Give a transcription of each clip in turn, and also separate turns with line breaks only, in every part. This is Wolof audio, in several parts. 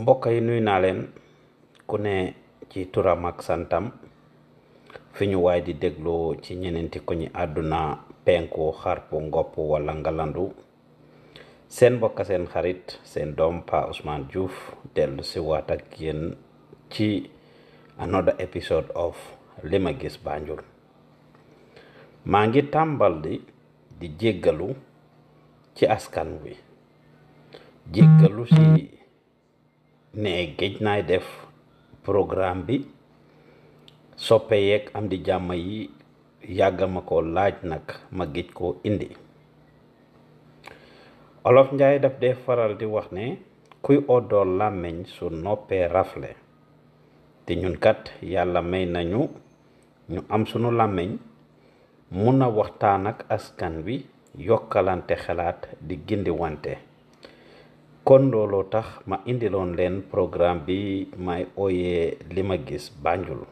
mbokk yi nuy naa leen ku ne ci turam ak santam fi ñu waay di dégloo ci ñeneenti ko ñi àdduna penku xarpu ngopp wala ngalandu seen mbokk seen xarit seen doom pa Ousmane Diouf dellu si waat ak yéen ci another episode of lima gis Banjul maa ngi tàmbal di di jéggalu ci askan wi jéggalu si ne géej naay def programme bi soppe yeeg am di jàmm yi yàggal ma ko laaj nag ma géej ko indi olof njaay daf dee faral di wax ne kuy oddoor làmmiñ su noppee rafle te ñun kat yàlla may nañu ñu am sunu làmmiñ mun a waxtaan ak askan wi yokkalante xalaat di gindiwante kon lo tax ma lon len programme bi may oye lima gis banjul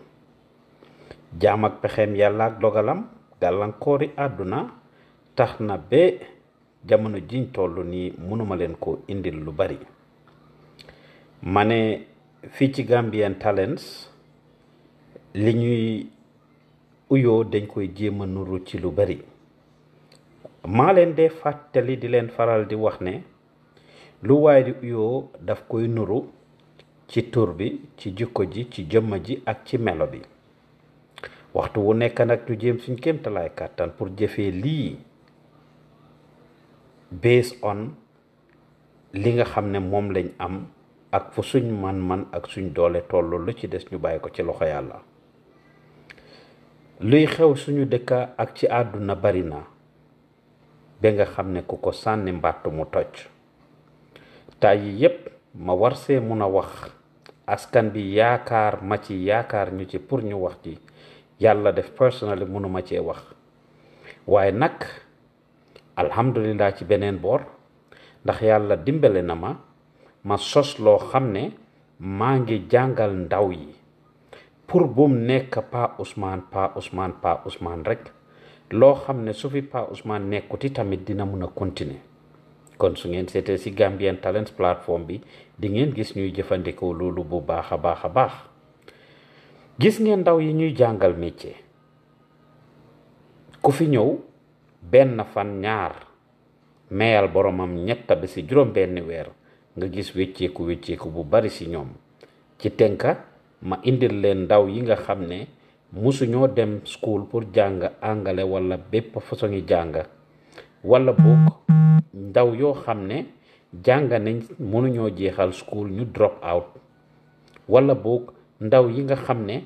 jam ak pexem yalla ak dogalam galankori aduna taxna na jamono jiñ tollu ni munuma len ko indil lu bari mané fi ci Gambian Talents li ñuy uyo dañ koy jema nuru ci lu bari ma len fatali di len faral di wax lu waay di uyoo daf koy nuru ci tur bi ci jikko ji ci jëmma ji ak ci melo bi waxtu wu nekk nag ñu jéem suñ kéemtalaay kàttan pour jëfee lii based on li nga xam ne moom lañ am ak fu suñ man-man ak suñ doole tollu lu ci des ñu bàyyi ko ci loxo yàlla luy xew suñu dëkka ak ci àdduna bari na ba nga xam ne ku ko sànni mbàtt mu toj jotaay yi yépp ma war see mun a wax askan bi yaakaar ma ci yaakaar ñu ci pour ñu wax ci yàlla def personnel mënuma cee wax waaye nag alhamdulilah ci beneen boor ndax yàlla dimbale na ma ma sos loo xam ne maa ngi jàngal ndaw yi pour bum nekk Pa Ousmane Pa Ousmane Pa usmaan rek loo xam ne su fi Pa Ousmane nekkuti tamit dina mun a continuer kon su ngeen seetee ci Gambian Talents plateforme bi di ngeen gis ñuy jëfandikoo loolu bu baax a baax a baax gis ngeen ndaw yi ñuy jàngal métier ku fi ñëw benn fan ñaar meyal boromam ñett bi si juróom benn weer nga gis wécceeku wécceeku bu bari ci ñoom ci tenk ma indil leen ndaw yi nga xam ne musuñoo dem school pour jàng angale walla bépp façon yi jàng wala boog ndaw yoo xam ne jànga nañ mënuñoo jeexal school ñu drop out wala boog ndaw yi nga xam ne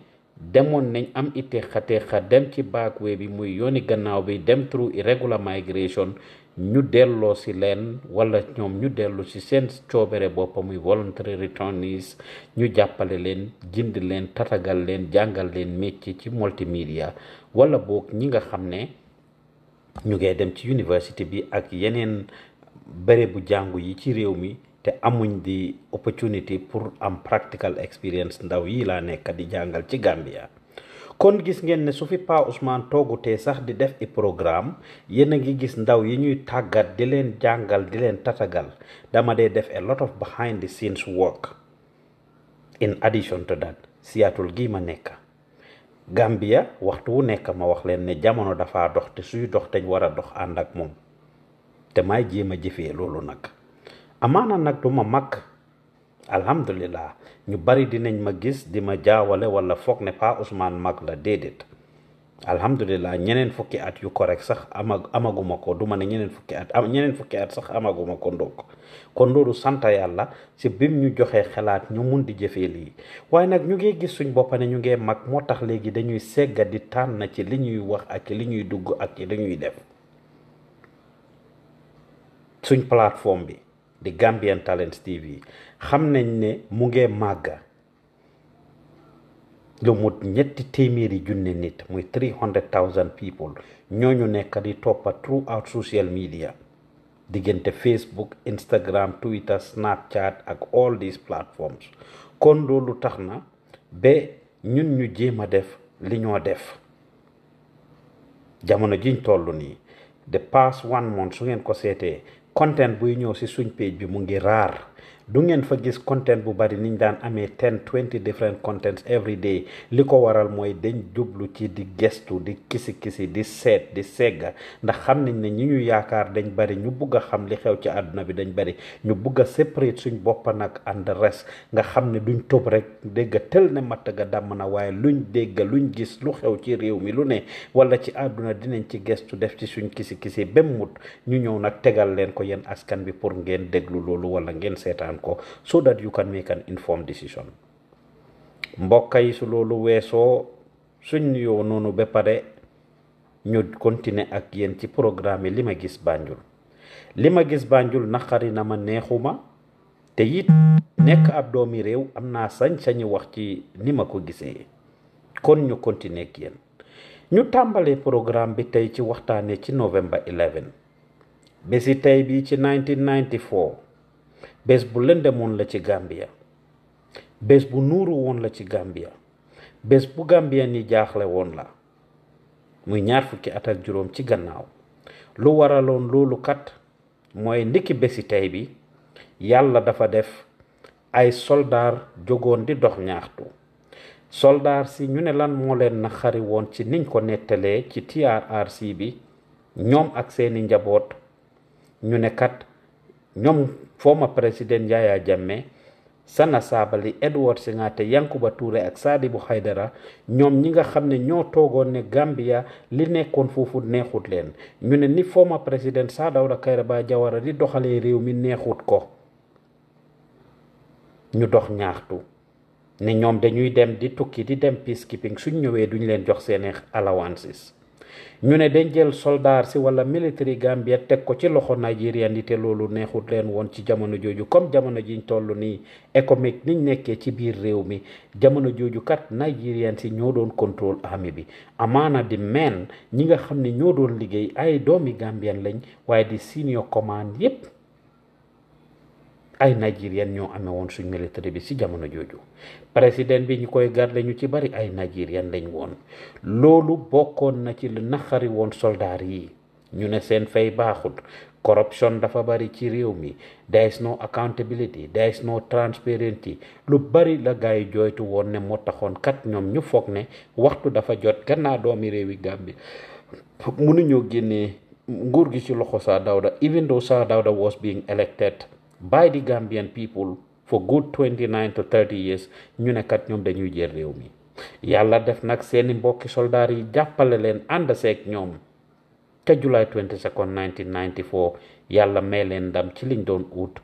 demoon nañ am iteexa teexa dem ci backway bi muy yooni gannaaw bi dem through irregular migration ñu delloo si leen walla ñoom ñu dellu si seen coobere boppa muy voluntary returnees ñu jàppale leen jindi leen tatagal leen jàngal leen métier ci multimedia wala boog ñi nga xam ne ñu ngay dem ci université bi ak yeneen bëre bu jàngu yi ci réew mi te amuñ di opportunité pour am practical experience ndaw yi laa nekk di jàngal ci Gambia kon gis ngeen ne su fi Pa Ousmane toogutee sax di def i programme yéen a ngi gis ndaw yi ñuy tàggat di leen jàngal di leen tatagal dama dee def a lot of behind the scenes work in addition to that Seattle gii ma nekk Gambia waxtu wu nekk ma wax leen ne jamono dafa dox te suy dox te war a dox ànd ak moom te may jéem a jëfee loolu nag amaana nag duma mag alhamdulilah ñu bari dinañ ma gis di ma jaawale wala foog ne Pa Ousman mag la déedéet. alhamdulilah ñeneen fukki at yu correct sax amag amaguma ko du ma ne ñeneen fukki at am ñeneen fukki at sax amaguma ko ndokk kon loolu sant yàlla ci bim ñu joxee xalaat ñu mun di jëfee lii waaye nag ñu ngee gis suñ boppa ne ñu ngee mag moo tax léegi dañuy segga di tànn ci li ñuy wax ak ci li ñuy dugg ak ci li def suñ plateforme bi di Gambian Talents TV xam nañ ne mu ngee màgga lu mut ñetti téeméeri junne nit muy three hundred thousand people ñooñu nekk di toppa throughout social media diggante Facebook Instagram Twitter Snapchat ak all these platforms kon loolu tax na ba ñun ñu jéem a def li ñoo def jamono jiñ toll nii the past one month su ngeen ko seetee content buy ñëw si suñ page bi mu ngi raar du ngeen fa gis content bu bari niñ daan amee ten twenty different contents every day li ko waral mooy dañ jublu ci di gestu di kisi kisi di seet di segga ndax xam nañ ne ñi ñu yaakaar dañ bari ñu bugg a xam li xew ci àdduna bi dañ bari ñu bugg a séparate suñ bopp nag and rest nga xam ne duñ topp rek dégga tël ne matt ga dàmm na waaye luñ dégga luñ gis lu xew ci réew mi lu ne wala ci àdduna dinañ ci gestu def ci suñ kisi kisi ba mut ñu ñëw nag tegal leen ko yéen askan bi pour ngeen déglu loolu wala ngeen seetaan nan ko so that you can make an informed decision mbokk yi su loolu weesoo suñ yoo noonu ba pare ñu continuer ak yéen ci programme li ma gis bànjul li ma gis bànjul Banjul naqari na ma neexuma te it nekk ab doomi réew am naa sañ-sañu wax ci ni ma ko gisee kon ñu continuer ak yéen ñu tàmbalee programme bi tey ci waxtaane ci novembre 11 bési tey bii ci bés bu lëndëm la ci Gambia bés bu nuuru woon la ci Gambia bés bu Gambia ni jaaxle woon la muy ñaar fukki at ak juróom ci gannaaw lu waraloon loolu kat mooy ndiki bési tey bi yàlla dafa def ay soldaar jógoon di dox ñaxtu soldaar si ñu ne lan moo leen na xari woon ci niñ ko nettalee ci TRRC bi ñoom ak seeni njaboot ñu ne kat ñoom former President Yaya Jammeh Sana Sabally Edward Singate ba tuure ak Sadibou xaydara ñoom ñi nga xam ne ñoo toogoon ne Gambia li nekkoon foofu neexut leen ñu ne ni former président Sir Dawda Kairaba Jawara di doxalee réew mi neexut ko ñu dox ñaaxtu ne ñoom dañuy dem di tukki di dem peacekeeping suñ ñëwee duñu leen jox seeni allowances ñu ne dañ jël soldaar si wala military Gambia teg ko ci loxo Nigerian yi te loolu neexul leen woon ci jamono jooju comme jamono jiñ toll nii économique niñ nekkee ci biir réew mi jamono jooju kat Nigerian si ñoo doon contrôle armée bi amaana di men ñi nga xam ni ñoo doon liggéey ay doomi Gambian lañ waaye di senior command yépp ay nigérian ñoo amee woon suñ military bi ci jamono joju président bi ñu koy garde ñu ci bari ay nigérian lañ won lolu bokkoon na ci lu naxari woon yi ñu ne sen fay baxut corruption dafa bari ci réew mi there is no accountability there is no transparency lu bari la gaay joytu won ne moo kat ñom ñu fokk ne waxtu dafa jot ganna doomi réewi mënu ñu génnee nguur gi ci loxo sa dawda even though sa dawda was being elected by di Gambian people for good 29 to 30 years ñu ne ñoom dañuy jël réew mi yàlla def nag seeni mbokki soldaar yi jàppale leen ànd ñoom ca July 22nd 1994 yàlla may leen ndam ci liñ doon ut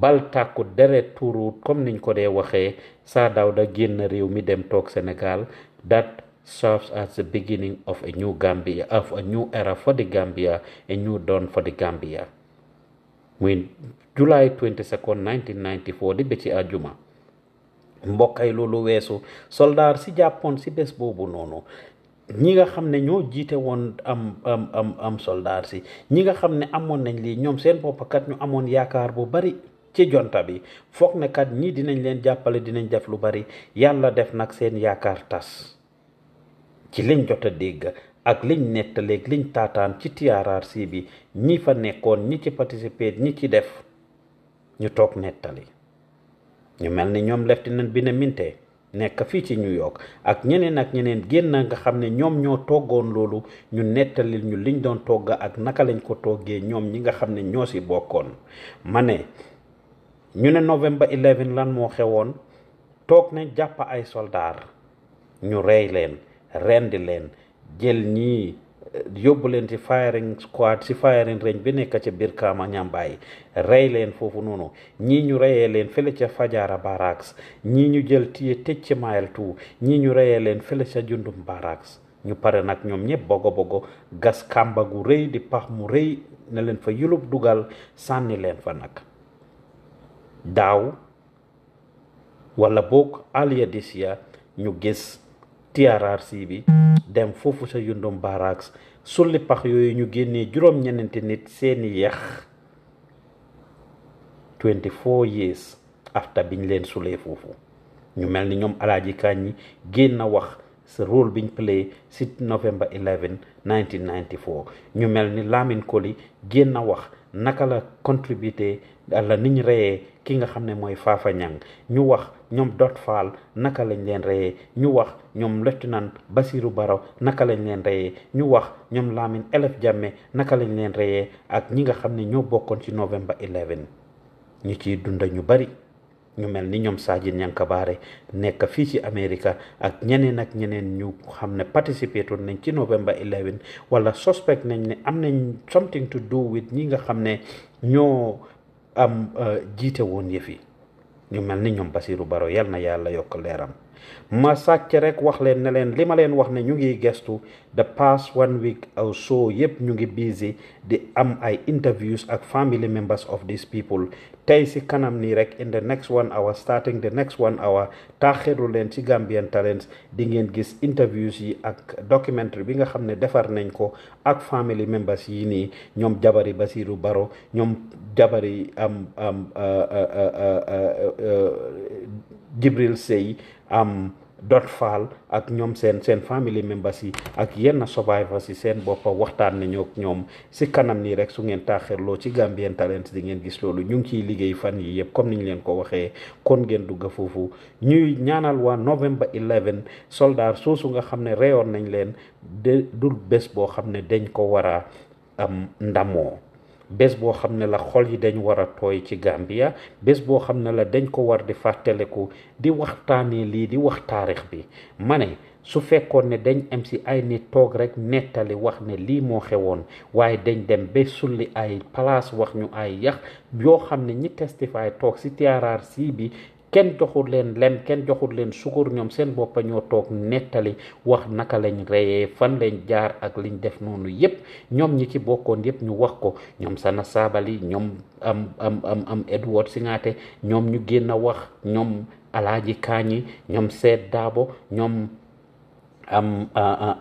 bal tàkku deret tuuruut comme niñ ko dee waxee saa daaw da génn réew mi dem toog Sénégal that serves as the beginning of a new Gambia of a new era for the Gambia a new dawn for the Gambia July 22nd 1994 di bëcc àjjuma mbokkay loolu weesu soldaar si jàppoon si bés boobu noonu ñi nga xam ne ñoo jiite woon am am am soldaar si ñi nga xam ne amoon nañ lii ñoom seen boppkat ñu amoon yaakaar bu bari ci jonta bi foog ne kat ñii dinañ leen jàppale dinañ def lu bari yàlla def nag seen yaakaar tas ci liñ jot a dégg ak liñ nettaleeg liñ taataan ci TRRC bi ñi fa nekkoon ñi ci participer ñi ci def ñu toog nettali ñu mel ni ñoom lieutenant Benyamin Tee nekk fii ci New York ak ñeneen ak ñeneen génn nga xam ne ñoom ñoo toggoon loolu ñu nettalil ñu liñ doon togga ak naka lañ ko toggee ñoom ñi nga xam ne ñoo si bokkoon ma ne ñu ne novembre 11 lan moo xewoon toog nañ jàpp ay soldaar ñu rey leen rendi leen jël ñii yóbbu leen ci firing squad si firing range bi nekk ca biir Kaama Ñambaay rey leen foofu noonu ñii ñu reyee leen fële ci Fajara Barracks ñii ñu jël tiye tëj ca Mile Two ñii ñu reyee leen fële ca Jundum Barracks ñu pare nag ñoom ñëpp bogo bogo gas kàmba gu rëy di pax mu rëy ne leen fa yulub dugal sànni leen fa nag daaw wala boog alia disia ñu gis TRRC bi dem foofu sa Yundum Barracks sulli pax yooyu ñu génnee juróom-ñeneenti nit seeni yeex 24 years after biñ leen sulee foofu ñu mel ni ñoom alaaji kaañ yi génn wax sa rôle biñ play si November 11 1994 ñu mel ni Lamin Koli génn na wax naka la contributé la niñ reyee ki nga xam ne mooy Fafa Niang ñu wax ñoom Dot Fall naka lañ leen reyee ñu wax ñoom lieutenant Basirou Baro naka lañ leen reyee ñu wax ñoom Lamine Elef jàmme naka lañ leen reyee ak ñi nga xam ne ñoo bokkoon ci November 11 ñu ciy dunda ñu bari ñu mel ni ñoom Sadji Niankabaare nekk fii ci Amérique ak ñeneen ak ñeneen ñu xam ne participé toon nañ ci November 11 wala suspect nañ ne am nañ something to do with ñi nga xam ne ñoo am euh, jiite woon yëf yi ñu mel ni ñoom Basiirou Baro yal na yàlla yokk leeram ma sàcc rek wax leen ne leen li ma leen wax ne ñu ngi gestu the past one week or so yëpp ñu ngi busy di am ay interviews ak family members of these people tey si kanam nii rek in the next one hour starting the next one hour taaxeeru leen ci Gambian Talents di ngeen gis interviews yi ak documentary bi nga xam ne defar nañ ko ak family members yi nii ñoom jabari Basiru Baro ñoom jabari am um, am um, uh, uh, uh, Jibril Sey am Dot Fall ak ñoom seen seen family members yi ak yenn survivors yi seen boppa waxtaan nañu ak ñoom si kanam nii rek su ngeen taaxirloo ci Gambian Talents di ngeen gis loolu ñu ngi ciy liggéey fan yi yëpp comme ni ñu leen ko waxee kon ngeen dugg foofu ñuy ñaanal waa November 11 soldaar soosu nga xam ne reyoon nañ leen de dul bés boo xam ne dañ ko war a am ndamoo bés boo xam ne la xol yi dañu war a tooy ci Gambia bés boo xam ne la dañ ko war di fàttaliku di waxtaanee lii di wax taarix bi ma ne su fekkoon ne dañ am si ay ni toog rek nettali wax ne lii moo xewoon waaye dañ dem ba sulli ay palaas wax ñu ay yax yoo xam ne ñi testify toog si TRRC bi kenn joxul leen lem kenn joxul leen sukur ñoom seen boppa ñoo toog nettali wax naka lañ reyee fan lañ jaar ak liñ def noonu yépp ñoom ñi ci bokkoon yépp ñu wax ko ñoom Sana Sabally ñoom am am am am Edward Singate ñoom ñu génn a wax ñoom Alaaji Kaañi ñoom Seet Daabo ñoom am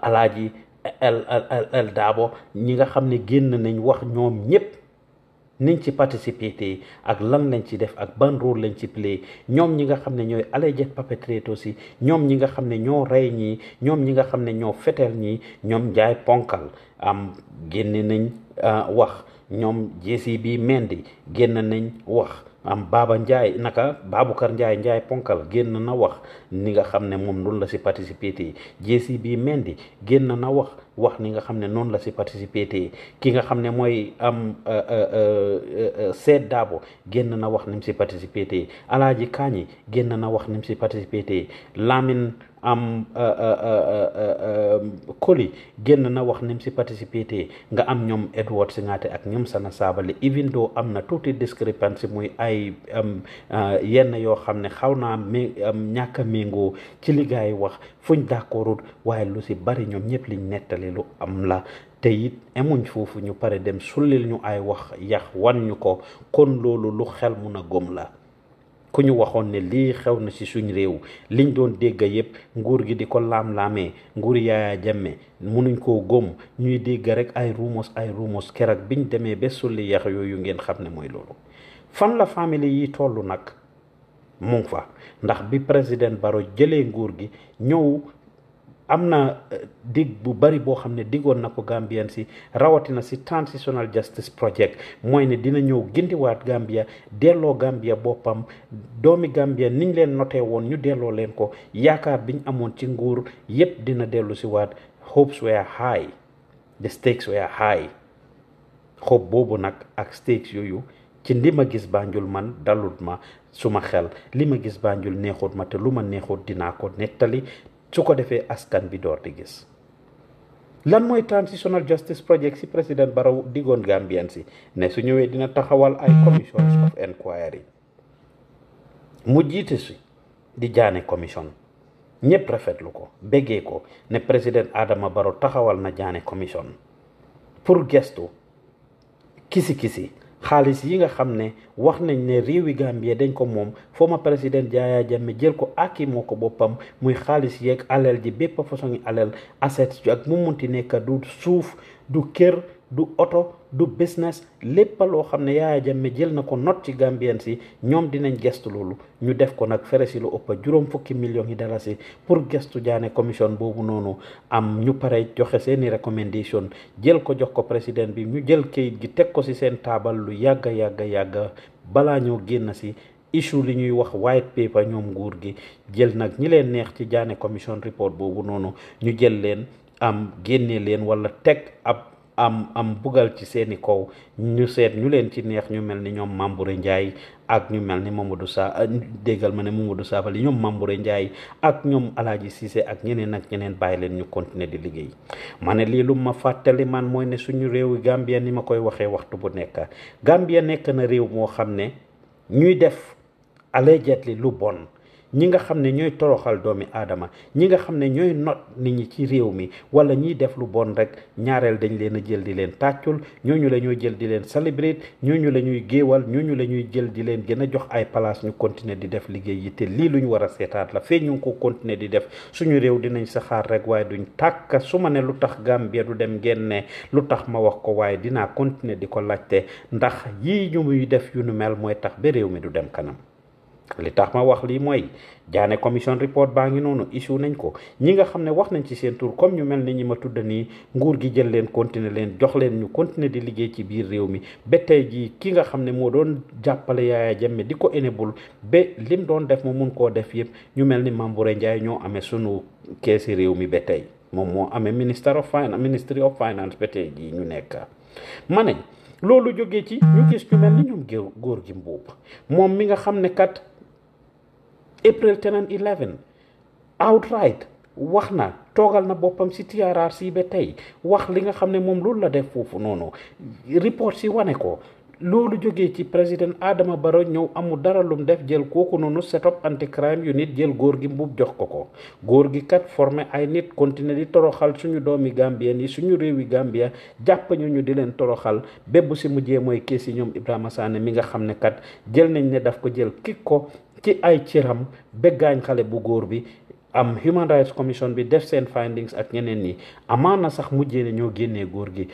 Alaji El El El Daabo ñi nga xam ne génn nañ wax ñoom ñépp niñ ci participé ak lan lañ ci def ak ban rôle lañ ci play ñoom ñi nga xam ne ñooy alleged perpetrators yi ñoom ñi nga xam ne ñoo rey ñii ñoom ñi nga xam ne ñoo feteel ñii ñoom jaay ponkal am génne nañ euh, wax ñoom JCB Mendy génne nañ wax am Baba Ndiaye naka Baboucar njaay Ndiaye ponkal génn na wax ni nga xam ne moom noonu la si participé tey JCB Mendy génn na wax wax ni nga xam ne noonu la si participé tey ki nga xam ne mooy am euh, euh, euh, Seet Daabo génn na wax ni mu si participé tey Alaaji Kaañi génn na wax ni si participé tey am Koli euh, euh, euh, génn na wax ni mu si participé te nga am ñoom Edward Singate ak ñoom Sana Sabally even though am na tuuti discrepancy muy ay yenn yoo xam ne xaw naa mi ñàkk a méngoo ci li gaa yi wax fuñ d'accordut waaye lu si bari ñoom ñëpp liñ nettali lu am la te it emuñ foofu ñu pare dem sullil ñu ay wax yax wan ñu ko kon loolu lu xel mun a gom la ku ñu waxoon ne lii xew na ci suñ réew liñ doon dégg yépp nguur gi di ko laam-laamee nguur Yaya Jammeh munuñ ko góom ñuy dégg rek ay rumos ay rumos keroog biñ demee ba sulli yax yooyu ngeen xam ne mooy loolu fan la famille yi toll nag mu fa ndax bi président Barrow jëlee nguur gi ñëw am na eh, dig bu bari boo xam ne diggoon na ko Gambien si rawatina si transitional justice project mooy ne dina ñëw gindiwaat Gambia delloo Gambia boppam doomi Gambia niñ leen notee woon ñu delloo leen ko yaakaar biñ amoon ci nguur yépp dina dellu si waat hopes were high the stakes were high hope boobu nag ak stakes yooyu ci li ma gis bànjul man dalut ma suma xel li ma gis bànjul neexut ma te lu ma neexut dinaa ko nettali su ko defee askan bi door di gis lan mooy transitional justice project si président Barrow diggoon Gambian si ne su ñëwee dina taxawal ay commissions of inquiry mu jiite si di jaane commission ñëpp rafetlu ko béggee ko ne président aadama Barrow taxawal na jaane commission pour gestu kisi kisi xaalis yi nga xam ne wax nañ ne réewi Gambie dañ ko moom former président Yahya Jammeh jël ko aki moo ko boppam muy xaalis yeeg alal ji bépp façon yi alal asset ak mu munti nekk du suuf du kër du auto du business lepp lo xamne yaa jamme jël nako note ci Gambien si ñom dinañ gestu lolu ñu def ko nak féré ci lu upp juroom fukki millions yi dalasi pour gestu jaane commission bobu nonu am ñu paré joxe seeni recommendation jël ko jox ko président bi ñu jël kayit gi tek ko ci seen table lu yàgga yàgga yàgga bala ñu genn si issue li ñuy wax white paper ñom nguur gi jël nak ñi leen neex ci jaane commission report bobu nonu ñu jël leen am génne leen wala tek ab am am bugal ci seeni kaw ñu seet ñu leen ci neex ñu mel ni ñoom Mambouré Ndiaye ak ñu mel ni Mamadou Sa euh, déggal ma ne Mamadou Sabali ñoom Mambouré Ndiaye ak ñoom Alaaji Cissé ak ñeneen ak ñeneen bàyyi leen ñu continuer di liggéey ma ne lii lu ma fàttali man mooy ne suñu réew yi ni ma koy waxee waxtu bu nekk Gambia nekk na réew moo xam ne ñuy def allégeatli lu bon ñi nga xam ne ñooy toroxal doomi aadama ñi nga xam ne ñooy not nit ñi ci réew mi wala ñiy def lu bon rek ñaareel dañu leen a jël di leen tàccul ñooñu la ñuy jël di leen célébrer ñooñu la ñuy géewal ñooñu la ñuy jël di leen gën a jox ay place ñu continuer di def liggéey yi te lii lu ñu war a seetaat la fee ñu ngi ko continuer di def suñu réew dinañ saxaar rek waaye duñ tàkka su ma ne lu tax Gambia du dem génne lu tax ma wax ko waaye dinaa continuer di ko laajte ndax yii ñu muy def yu nu mel mooy tax ba réew mi du dem kanam li tax ma wax lii mooy jaane commission report baa ngi noonu issue nañ ko ñi nga xam ne wax nañ ci seen tur comme ñu mel ni ñi ma tudd nii nguur gi jël leen continuer leen jox leen ñu continuer di liggéey ci biir réew mi ba tey jii ki nga xam ne moo doon jàppale Yaya Jammeh di ko enable ba lim doon def ma mun koo def yëpp ñu mel ni Mamboure Ndiaye ñoo amee sunu keesi réew mi ba tey moom moo amee minister of finance ministry of finance ba tey jii ñu nekk ma ne loolu jógee ci góor gi April Tenen 11 outright wax na toogal na boppam si TRRC ba tey wax li nga xam ne moom loolu la def foofu noonu report si wane ko loolu jógee ci président Adama Barrow ñëw amul dara lum def jël kooku noonu set-up anti-crime unit jël góor gi mbubb jox ko ko góor gi kat formé ay nit continuer di toroxal suñu doomi Gambien nii suñu réewi Gambia jàpp ñu ñu di leen toroxal bépp si mujjee mooy kees yi ñoom Ibrahima Sane mi nga xam ne kat jël nañ ne daf ko jël kik ko ci ay ciram bëggaañ xale bu góor bi. am Human Rights Commission bi def seen findings ak ñeneen yi amaan na sax mujjee ne génnee góor gi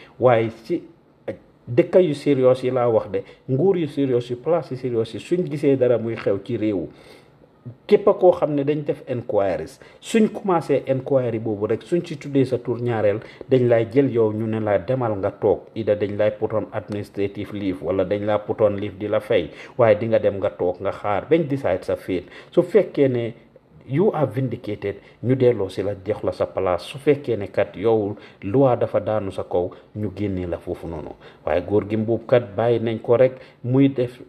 dëkka yu sérieux yi laa wax de nguur yu sérieux yi place yu sérieux yi suñ gisee dara muy xew ci réew képp a koo xam ne dañ def inquiries suñ commencé inquiry boobu rek suñ ci tuddee sa tur ñaareel dañ lay jël yow ñu ne laa demal nga toog ida dañ lay putoon administrative leave wala dañ laa putoon leave di la fay waaye di nga dem nga toog nga xaar bañ decide sa fiit su fekkee ne you are vindicated ñu délo ci la jox la sa place su ne kat yow loi dafa daanu sa kaw ñu génné la fofu noonu waye gor gi mbub kat bay nañ ko rek muy def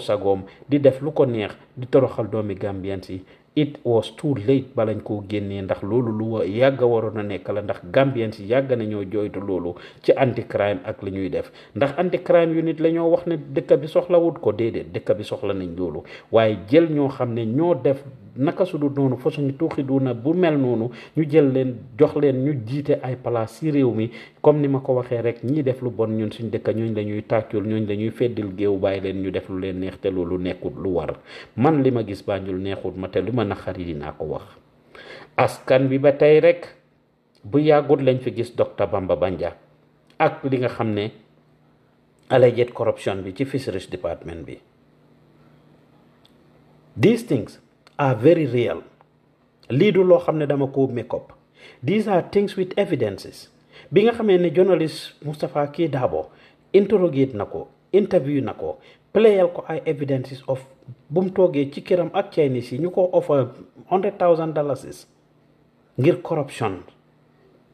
sa gom di def lu ko neex di toroxal doomi gambien si it was too late balañ ko génné ndax lolu lu yagg waroon a la ndax gambien si yàgg nañoo joytu lolu ci anti crime ak li ñuy def ndax anti crime unit la ñoo wax ne dekk bi wut ko dede dekk bi soxla nañ lolu waye jël ñoo xam ñoo def naka su dul noonu du tuuxiduuna bu mel noonu ñu jël leen jox leen ñu jiite ay place ci réew mi comme ni ma ko waxee rek ñiy def lu bon ñun suñ dëkk ñooñ la ñuy tàccul ñooñ la ñuy feddil géew bàyyi leen ñu def lu leen neex te loolu nekkut lu war man li ma gis Banjul neexut ma te li ma naqari naa ko wax askan bi ba tey rekk bu yàggut lañ fi gis docteur Bamba banja ak li nga xam ne alleged corruption bi ci fisheries department bi these are very real lii du loo xam ne dama ko make up these are things with evidences bi nga xamee ne journalist Moustapha Key Darboe interrogate na ko interview na ko playal ko ay evidences of bu mu toogee ci këram ak Chinese yi ñu ko offer hundred thousand dollars ngir corruption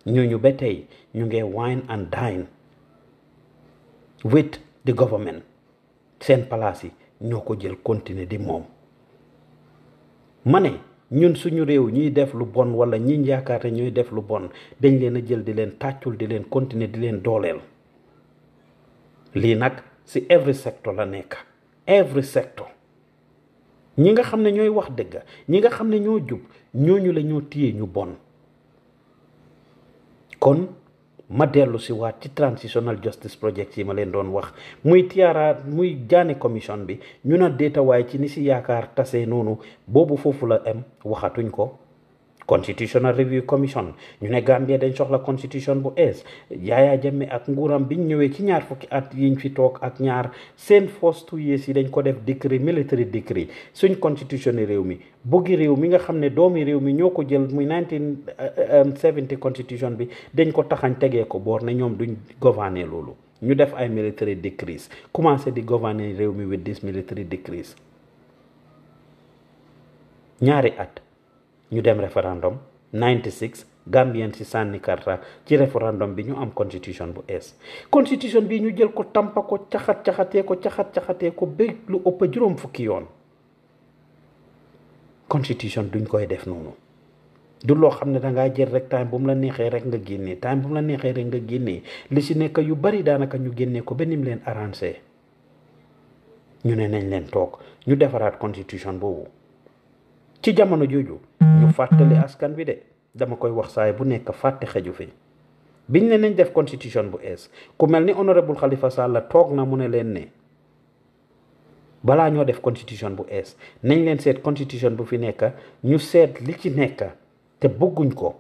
ñu ba tey ñu ngee wine and dine with the government seen palaas yi ñoo ko jël continuer di moom ma ne ñun suñu réew ñuy def lu bon wala ñi yaakaar ne ñooy def lu bon dañ leen a jël di leen tàccul di leen continuer di leen dooleel lii nag si every sector la nekk every sector ñi nga xam ne ñooy wax dëgga ñi nga xam ne ñoo jub ñooñu la ñoo téye ñu bon kon ma dellu si waat ci transitional justice project yi ma leen doon wax muy tiara muy jaane commission bi ñu na déeta waaye ci ni si yaakaar tase noonu boobu foofu la am waxatuñ ko constitutional review commission ñu ne Gambia dañ soxla constitution bu ees Yahya Jammeh ak nguuram biñ ñëwee ci ñaar fukki at yiñ fi toog ak ñaar seen first two years yi dañ ko def décret military décret suñ constitution réew mi bëggi réew mi nga xam ne doomi réew mi ñoo ko jël muy 1970 eh, eh, constitution bi dañ ko taxañ tegee ko boor ne ñoom duñ gouverner loolu ñu def ay military decrees commencé di gouverner réew mi with this military decrees ñaari at dem referendum, 96 Gambian si sànni karta ci referendum bi ñu am constitution bu es. constitution bi ñu jël ko tampa ko caxat caxatee ko caxat caxatee ko ba lu ëpp juróom fukki yoon constitution duñ koy def noonu du loo xam ne da ngaa jël rek time bu mu la neexee rek nga génnee time bu mu la neexee rek nga génnee li si nekk yu bari daanaka ñu génnee ko benim leen arrangé ñu ne nañ leen toog ñu defaraat constitution boobu ci jamono jooju ñu fàttali askan bi de dama koy wax saay bu nekk fàtte xeju fi biñ ne nañ def constitution bu ees ku mel ni honorable xalifa Sall toog na mu ne leen ne balaa ñoo def constitution bu ees nañ leen seet constitution bu fi nekk ñu seet li ci nekk te bëgguñ ko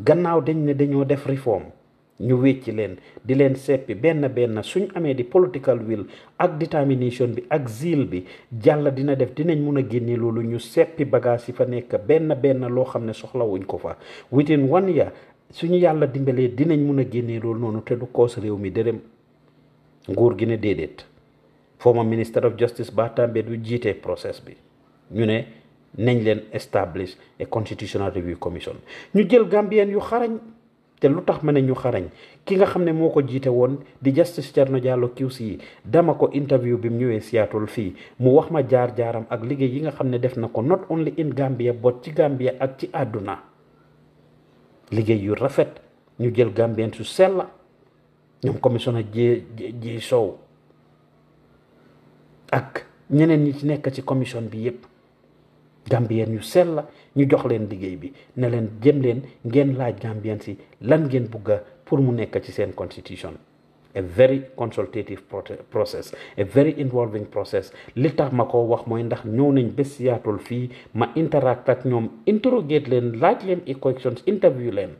gannaaw dañ ne dañoo def réforme ñu wécci leen di leen seppi benn benn suñ amee di political will ak determination bi ak zeal bi jàll dina def dinañ mun a génne loolu ñu seppi bagage yi fa nekk benn benn loo xam ne soxlawuñ ko fa within one year suñu yàlla dimbalee dinañ mun a génne loolu noonu te du koos réew mi dërëm nguur gi ne déedéet former minister of justice Batambe du jiite process bi ñu ne nañ leen establish a constitutional review commission ñu jël gambien yu xarañ te lu tax ma ne ñu xarañ ki nga xam ne moo ko jiite woon di justice Thierno Diallo QC dama ko interview bi mu ñëwee Seattle fii mu wax ma jaar jaaram ak liggéey yi nga xam ne def na ko not only in Gambia but ci Gambia ak ci àdduna liggéey yu rafet ñu jël Gambien su sell ñoom commissioner ji ji Sow ak ñeneen ñi ci nekk ci commission bi yépp gambien yu sell la ñu jox leen liggéey bi ne leen jëm leen ngeen laaj gambien si lan ngeen bugga pour mu nekk ci seen constitution a very consultative process a very involving process li tax ma ko wax mooy ndax ñëw nañ bés yaatul fii ma interact ak ñoom interrogate leen laaj leen i questions interview leen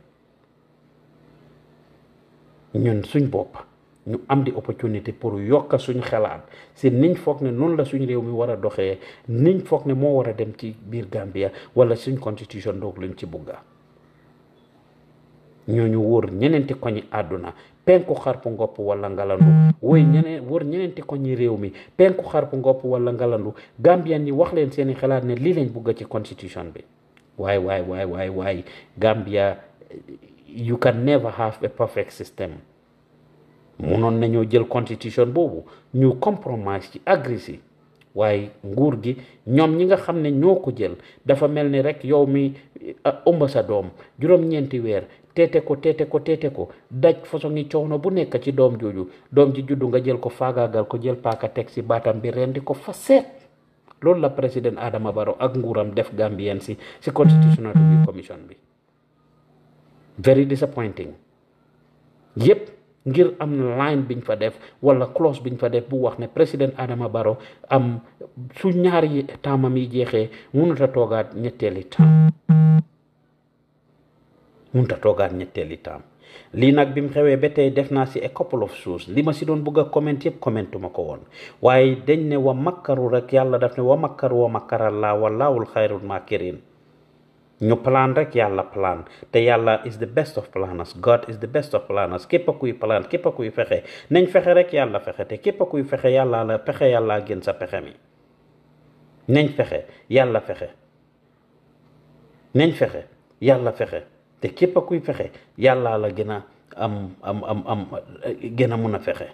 ñun suñ bopp ñu am di opportunité pour yokk suñu xalaat si niñ foog ne noonu la suñu réew mi war a doxee niñ foog ne moo war a dem ci biir Gambia wala suñ constitution doog luñ ci bugga ñooñu wóor ñeneenti koñi àdduna penku xarpu ngopp wala ngalandu woy ñeneen wóor ñeneenti réew mi penku xarpu ngopp wala ngalandu Gambien yi wax leen seeni xalaat ne lii lañ bugga ci constitution bi waay waay waay waay waay Gambia you can never have a perfect system munoon nañoo jël constitution boobu ñu compromise ci agrisi waaye nguur gi ñoom ñi nga xam ne ñoo ko jël dafa mel ni rek yow mi uh, ëmb sa doom juróom-ñeenti weer teete ko teete ko teete ko daj façon ngi coono bu nekk ci doom jooju doom ji juddu nga jël ko faagaagal ko jël paaka teg si baatam bi rendi ko fa seet loolu la président aadama baro ak nguuram def Gambien si si constitutional review commission bi very disappointing yépp ngir am line biñ fa def wala bi ñu fa def bu wax ne président Adama Barrow am su ñaari taamam yi jeexee mënut a toogaat ñetteeli taam mënut a toogaat ñetteeli taam lii nag bi mu xewee ba tey def naa si a couple of shows li ma si doon bëgg a comment yëpp commentuma ko woon waaye dañ ne wa makkaru rek yàlla daf ne wa makkaru wa makkarallaa wallaahul xayrul maakirin ñu plan rek yàlla plan te yàlla is the best of planners God is the best of planners képp a kuy plan képp kuy fexe nañ fexe rek yàlla fexe te képp kuy fexe yàlla la pexe gën sa pexe mi fexe yàlla fexe nañ fexe yàlla fexe te képp a kuy fexe yàlla la gën a am am am am gën a mun a fexe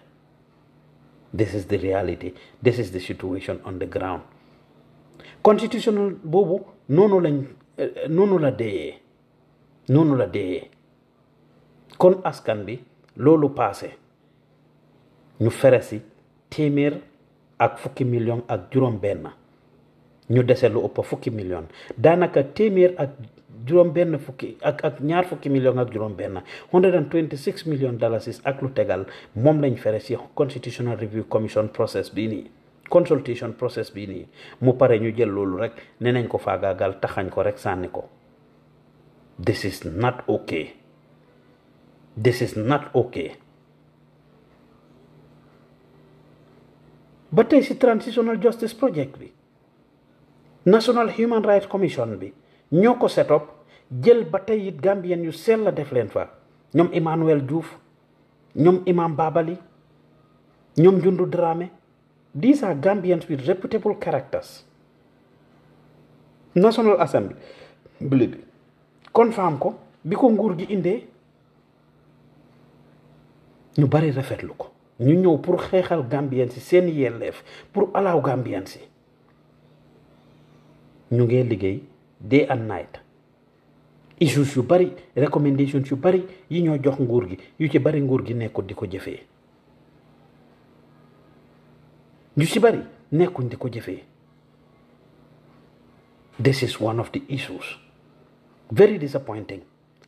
this is the reality this is the situation on the ground constitutional boobu noonu lañ noonu la deeyee noonu la deeyee kon askan bi loolu paase ñu fere si téeméer ak fukki million ak juróom benn ñu dese lu ëpp fukki million daanaka téeméer ak juróom benn fukki ak ñaar fukki million ak juróom benn hundred and twenty six million dollars ak lu tegal moom lañ fere si constitutional review commission process bii nii consultation process bi nii mu pare ñu jël loolu rek ne nañ ko faagaagal taxañ ko rek sànni ko this is not okay ba tey si transitional justice project bi national human rights commission bi ñoo ko set up jël ba tey it gambien yu sell la def leen fa ñoom Emmanuel Diouf ñoom Imam Babali ñoom Jundu Dramé These are Gambians with reputable characters. National Assembly bi confirm ko bi ko nguur gi indee ñu bari rafetlu ko ñu ñëw pour xeexal Gambians si seen yelleef pour alaaw Gambians si ñu ngee liggéey day and night issues yu bari recommendations yu bari yi ñoo jox nguur gi yu ci bari nguur gi nekkul di ko jëfee ñu si bari nekkuñ ko this is one of the issues very disappointing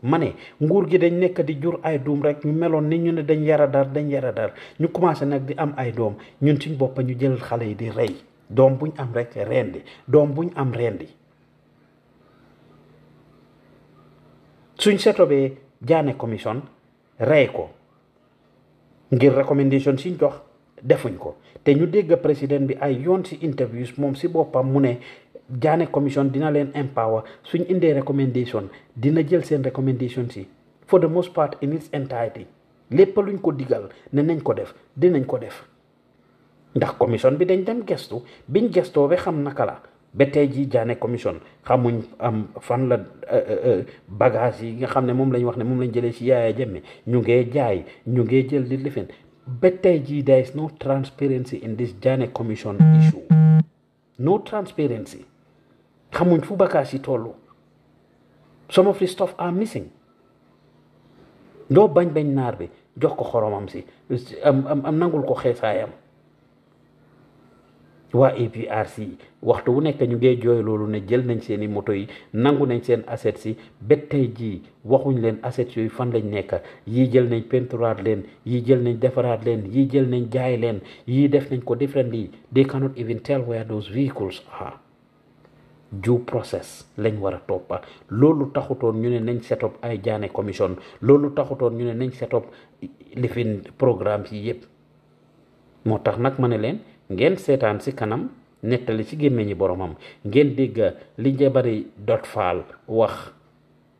Mane, nguur gi dañ nekk di jur ay doom rek ñu melon ni ñu ne dañ yara dar dañ yara dar ñu commencé nak di am ay doom ñun suñ bop ñu jël xalé di rey doom buñ am rek rendi doom buñ am rendi suñ setobee jaane commission rey ko ngir recommendation suñ dox defuñ ko te ñu dégg président bi ay yoon ci interviews moom ci boppam mu ne Jammeh commission dina leen empower suñ indee recommendation dina jël seen recommendation ci for the most part in its entirety lépp luñ ko digal ne nañ ko def dinañ ko def ndax commission bi dañ dem gestu biñ gestoo ba xam naka la ba tey jii Jammeh commission xamuñ am fan la euh, euh, euh, bagage yi nga xam ne moom lañ wax ne moom lañ jëlee ci Yaya Jammeh ñu ngee jaay ñu ngee jël di lifin ba tey jii there is no transparency in this Janneh commission issue no transparency xamuñ fu bakaas yi toll some of the stuff are missing loo bañ bañ naar bi jox ko xoromam si am um, am um, um, nangul ko xeesaayam waa APRC waxtu wu nekk ñu ngee jooy loolu ne jël nañ seeni moto yi nangu nañ seen asset si ba tey jii waxuñ leen asset yooyu fan lañ nekk yii jël nañ penturaat leen yii jël nañ defaraat leen yii jël nañ jaay leen yii def nañ ko differently they cannot even tell where those vehicles are due process lañ war a toppa loolu taxutoon ñu ne nañ set ay jaane commission loolu taxutoon ñu ne nañ set lifin programme yi yëpp moo tax nag ma ne leen ngeen seetaan ci kanam nettali ci gémmiñi boroomam ngeen dégg li jabari wax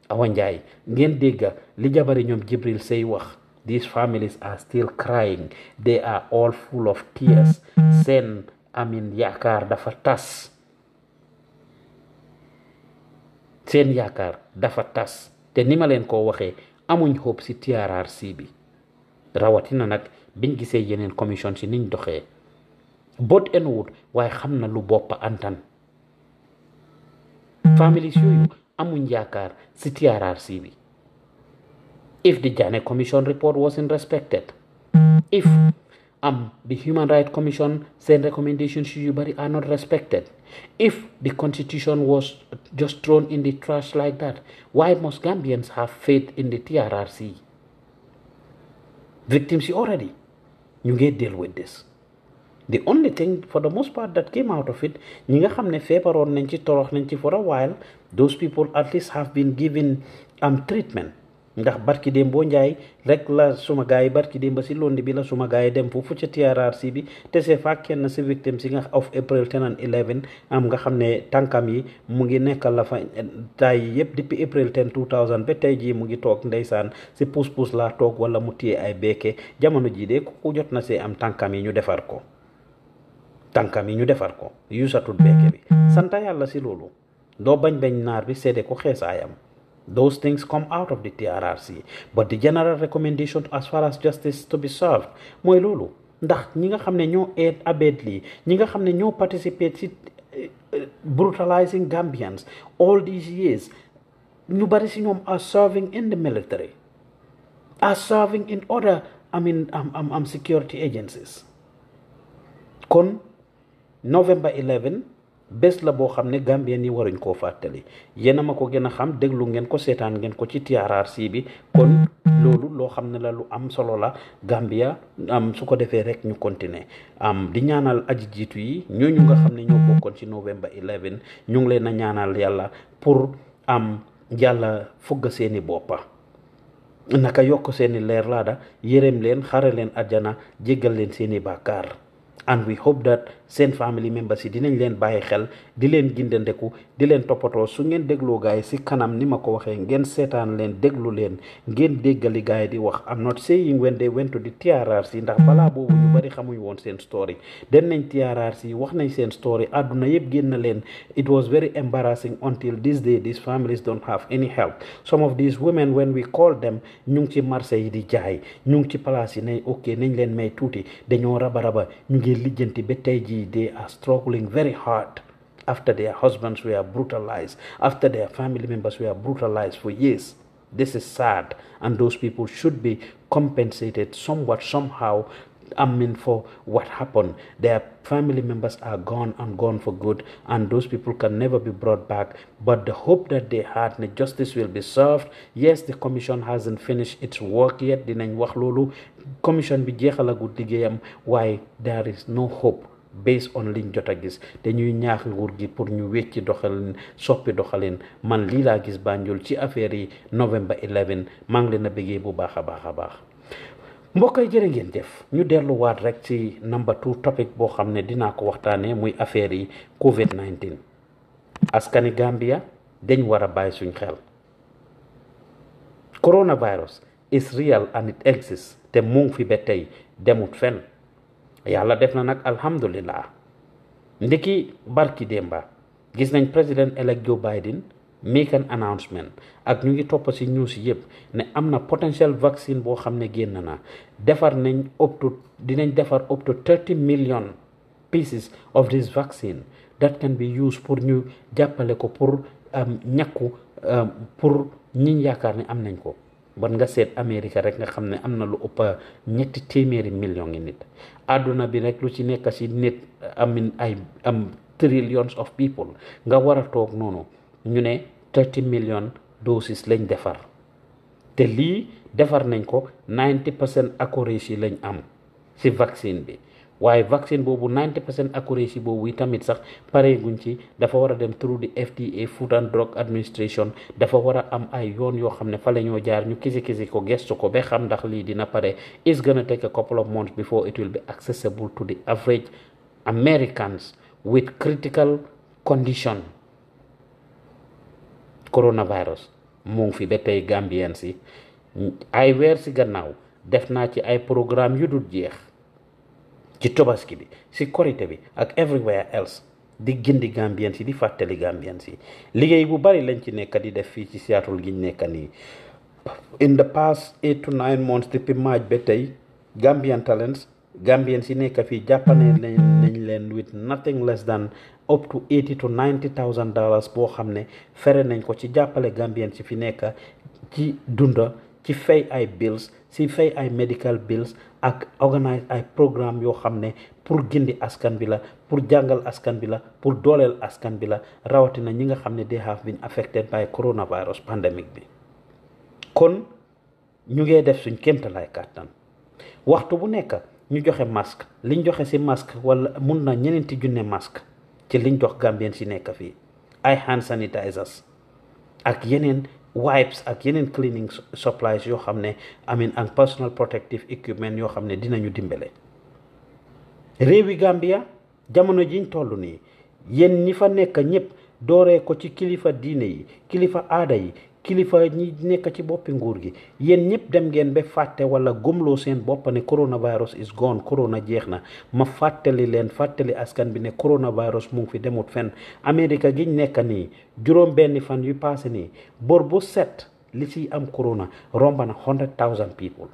awanjaay ngeen dégga li jabari ñoom Jibril Sey wax these families are still crying they are all full of tears seen amin yaakaar dafa tas seen yaakaar dafa tas te ni ma leen ko waxee amuñ hope ci TRRC bi rawatina nag biñ gisee yeneen commission ci niñ doxee bot en wut waaye xam lu bopp antan families yooyu amuñ yaakaar si TRRC bi if the Janneh Commission report wasn't respected if the Human Rights Commission send recommendations to you but are not respected. If the constitution was just thrown in the trash like that, why must Gambians have faith in the TRRC? Victims already, you get deal with this. the only thing for the most part that came out of it ñi nga xam ne feebaroon nañ ci torox nañ ci for a while those people at least have been given am um, treatment ndax barki démb boo njaay rek la suma gars yi barki démb ba si londi bi la suma gars yi dem foofu ca TRRC bi te see fa kenn si victime si nga of April 10 and 11 am nga xam ne tànkam yi mu ngi nekkal la fa tay yëpp depuis April 10 2000 ba tey jii mu ngi toog ndeysaan si puus puus laa toog wala mu téye ay beeke jamono jii de ku jot na see am tànkam yi ñu defar ko. tànkam yi ñu defar ko yusatul bekke bi santa yàlla si loolu Do bañ bañ naar bi seede ko xeesaayam Those things come out of the TRRC. But the general recommendation as far as justice to be served mooy loolu ndax ñi nga xam ne ñoo aid abet lii ñi nga xam ne participate ci eh, eh, brutalizing Gambians all these years ñu bari ci ñoom are serving in the military are serving in other I mean um um um security agencies kon november 11 bes la hamne xamne ni gambien ni waruñ ko fatali yena mako gëna xam deglu ngeen ko sétan ngeen ko ci TRRC bi kon lolu lo xamne la lu am solo la gambia am suko defé rek ñu continuer am di ñaanal aji jitu yi ñooñu nga xamne ñoo ci november 11 ñu ngi leen a ñaanal Yalla pour am yalla fugg seeni Nakayo naka yok seeni leer da yereem leen xare leen ajana jéggal leen seeni bakar and we hope that seen family members yi dinañ leen bàyyi xel di leen gindandeku di leen toppatoo su ngeen dégloo gaay si kanam ni ma ko waxee ngeen seetaan leen déglu leen ngeen déggali gaay di wax am not saying when they went di the si ndax balaa boobu ñu bari xamuñ woon seen story den nañ TRRC wax nañ seen story àdduna yëpp génn leen it was very embarrassing until this day these families don't have any help some of these women when we call them ñu ngi ci marché yi di jaay ñu ngi ci place yi nañ ok nañ leen may tuuti dañoo raba raba ñu they are struggling very hard after their husbands were brutalized, after their family members were brutalized for years. This is sad, and those people should be compensated somewhat, somehow. I mean, for what happened, their family members are gone and gone for good, and those people can never be brought back. But the hope that they had, the justice will be served. Yes, the commission hasn't finished its work yet. Dinañ wax commission bi jeexalagut liggéeyam there is no hope based on liñ jot a gis te ñuy ñaax nguur gi pour ñu wecci doxalin soppi doxalin man lii laa gis Banjul ci affaire yi novembre 11 maa ngi leen a bëggee bu baax a baax a baax mbokk yi jërë ngeen jëf ñu delluwaat rek ci number two topic boo xam ne dinaa ko waxtaanee muy affaire yi Covid 19 askani Gambia dañ war a bàyyi suñ xel coronavirus is real and it te mu fi ba tey demut fen yàlla def na nag alhamdulillah ndiki barki démba gis nañ président elect Joe Biden make an announcement ak ñu ngi topp ci news yëpp ne am na potential vaccine boo xam ne génn na defar nañ up to dinañ defar up to 30 million pieces of this vaccine that can be used pour ñu jàppale ko pour ñàkku pour ñiñ yaakaar ni am nañ ko war nga seet Amérique rek nga xam ne am na lu ëpp ñetti téeméeri million ngi nit àdduna bi rek lu ci nekk si nit amin ay am trillions of people nga war a toog noonu ñu ne thirty million doses lañ defar te lii defar nañ ko ninety percent accuracy lañ am si vaccine bi waaye vaccine boobu 90 percent accuracy boobu tamit sax guñ ci dafa war a dem through the FDA Food and Drug Administration dafa war a am ay yoon yoo xam ne fa la ñoo jaar ñu kisi kisi ko gestu ko ba xam ndax lii dina pare is gonna take a couple of months before it will be accessible to the average Americans with critical condition coronavirus mu ngi fi ba tey Gambien si ay weer ci gannaaw def naa ci ay programme yu dul jeex. ci tobaski bi si korite bi ak everywhere else di gindi Gambien si di fàttali Gambien si liggéey bu bari lañ ci nekk di def fii ci Seattle gi ñu nekk nii in the past eight to nine months depuis maaj ba tey Gambian talents Gambien si nekk fii jàppale nañ leen with nothing less than up to eighty to ninety thousand dollars boo xam ne fere nañ ko ci jàppale Gambien si fi nekk ci dunda. ci fay ay bills ci fay ay medical bills ak organize, ay programme yo xam pur pour gindi askan bi la pour jangal askan bi la pour dolel askan bi la na ñi nga xam they have been affected by coronavirus pandemic bi kon ñu ngi def kenta lay kàttan waxtu bu nekk ñu joxe masque liñ joxe si masque wala mun na ti junne masque ci liñ dox gambien si nekk fi ay hand sanitizers ak yeneen wipes ak yeneen cleaning supplies yoo xam ne amin ak personal protective equipment yoo xam ne dinañu dimbale réewi Gambia jamono jiñ toll nii yéen ñi fa nekk ñëpp dooree ko ci kilifa diine yi kilifa aada yi kilifa ñi nekk ci boppi nguur gi yéen ñëpp dem ngeen ba fàtte wala gomloo seen bopp ne coronavirus is gone corona jeex na ma fàttali leen fàttali askan bi ne coronavirus mu ngi fi demut fenn Amérique giñ nekk nii juróom benni fan yu passé nii bor bu set li ciy am corona rombana na hundred thousand people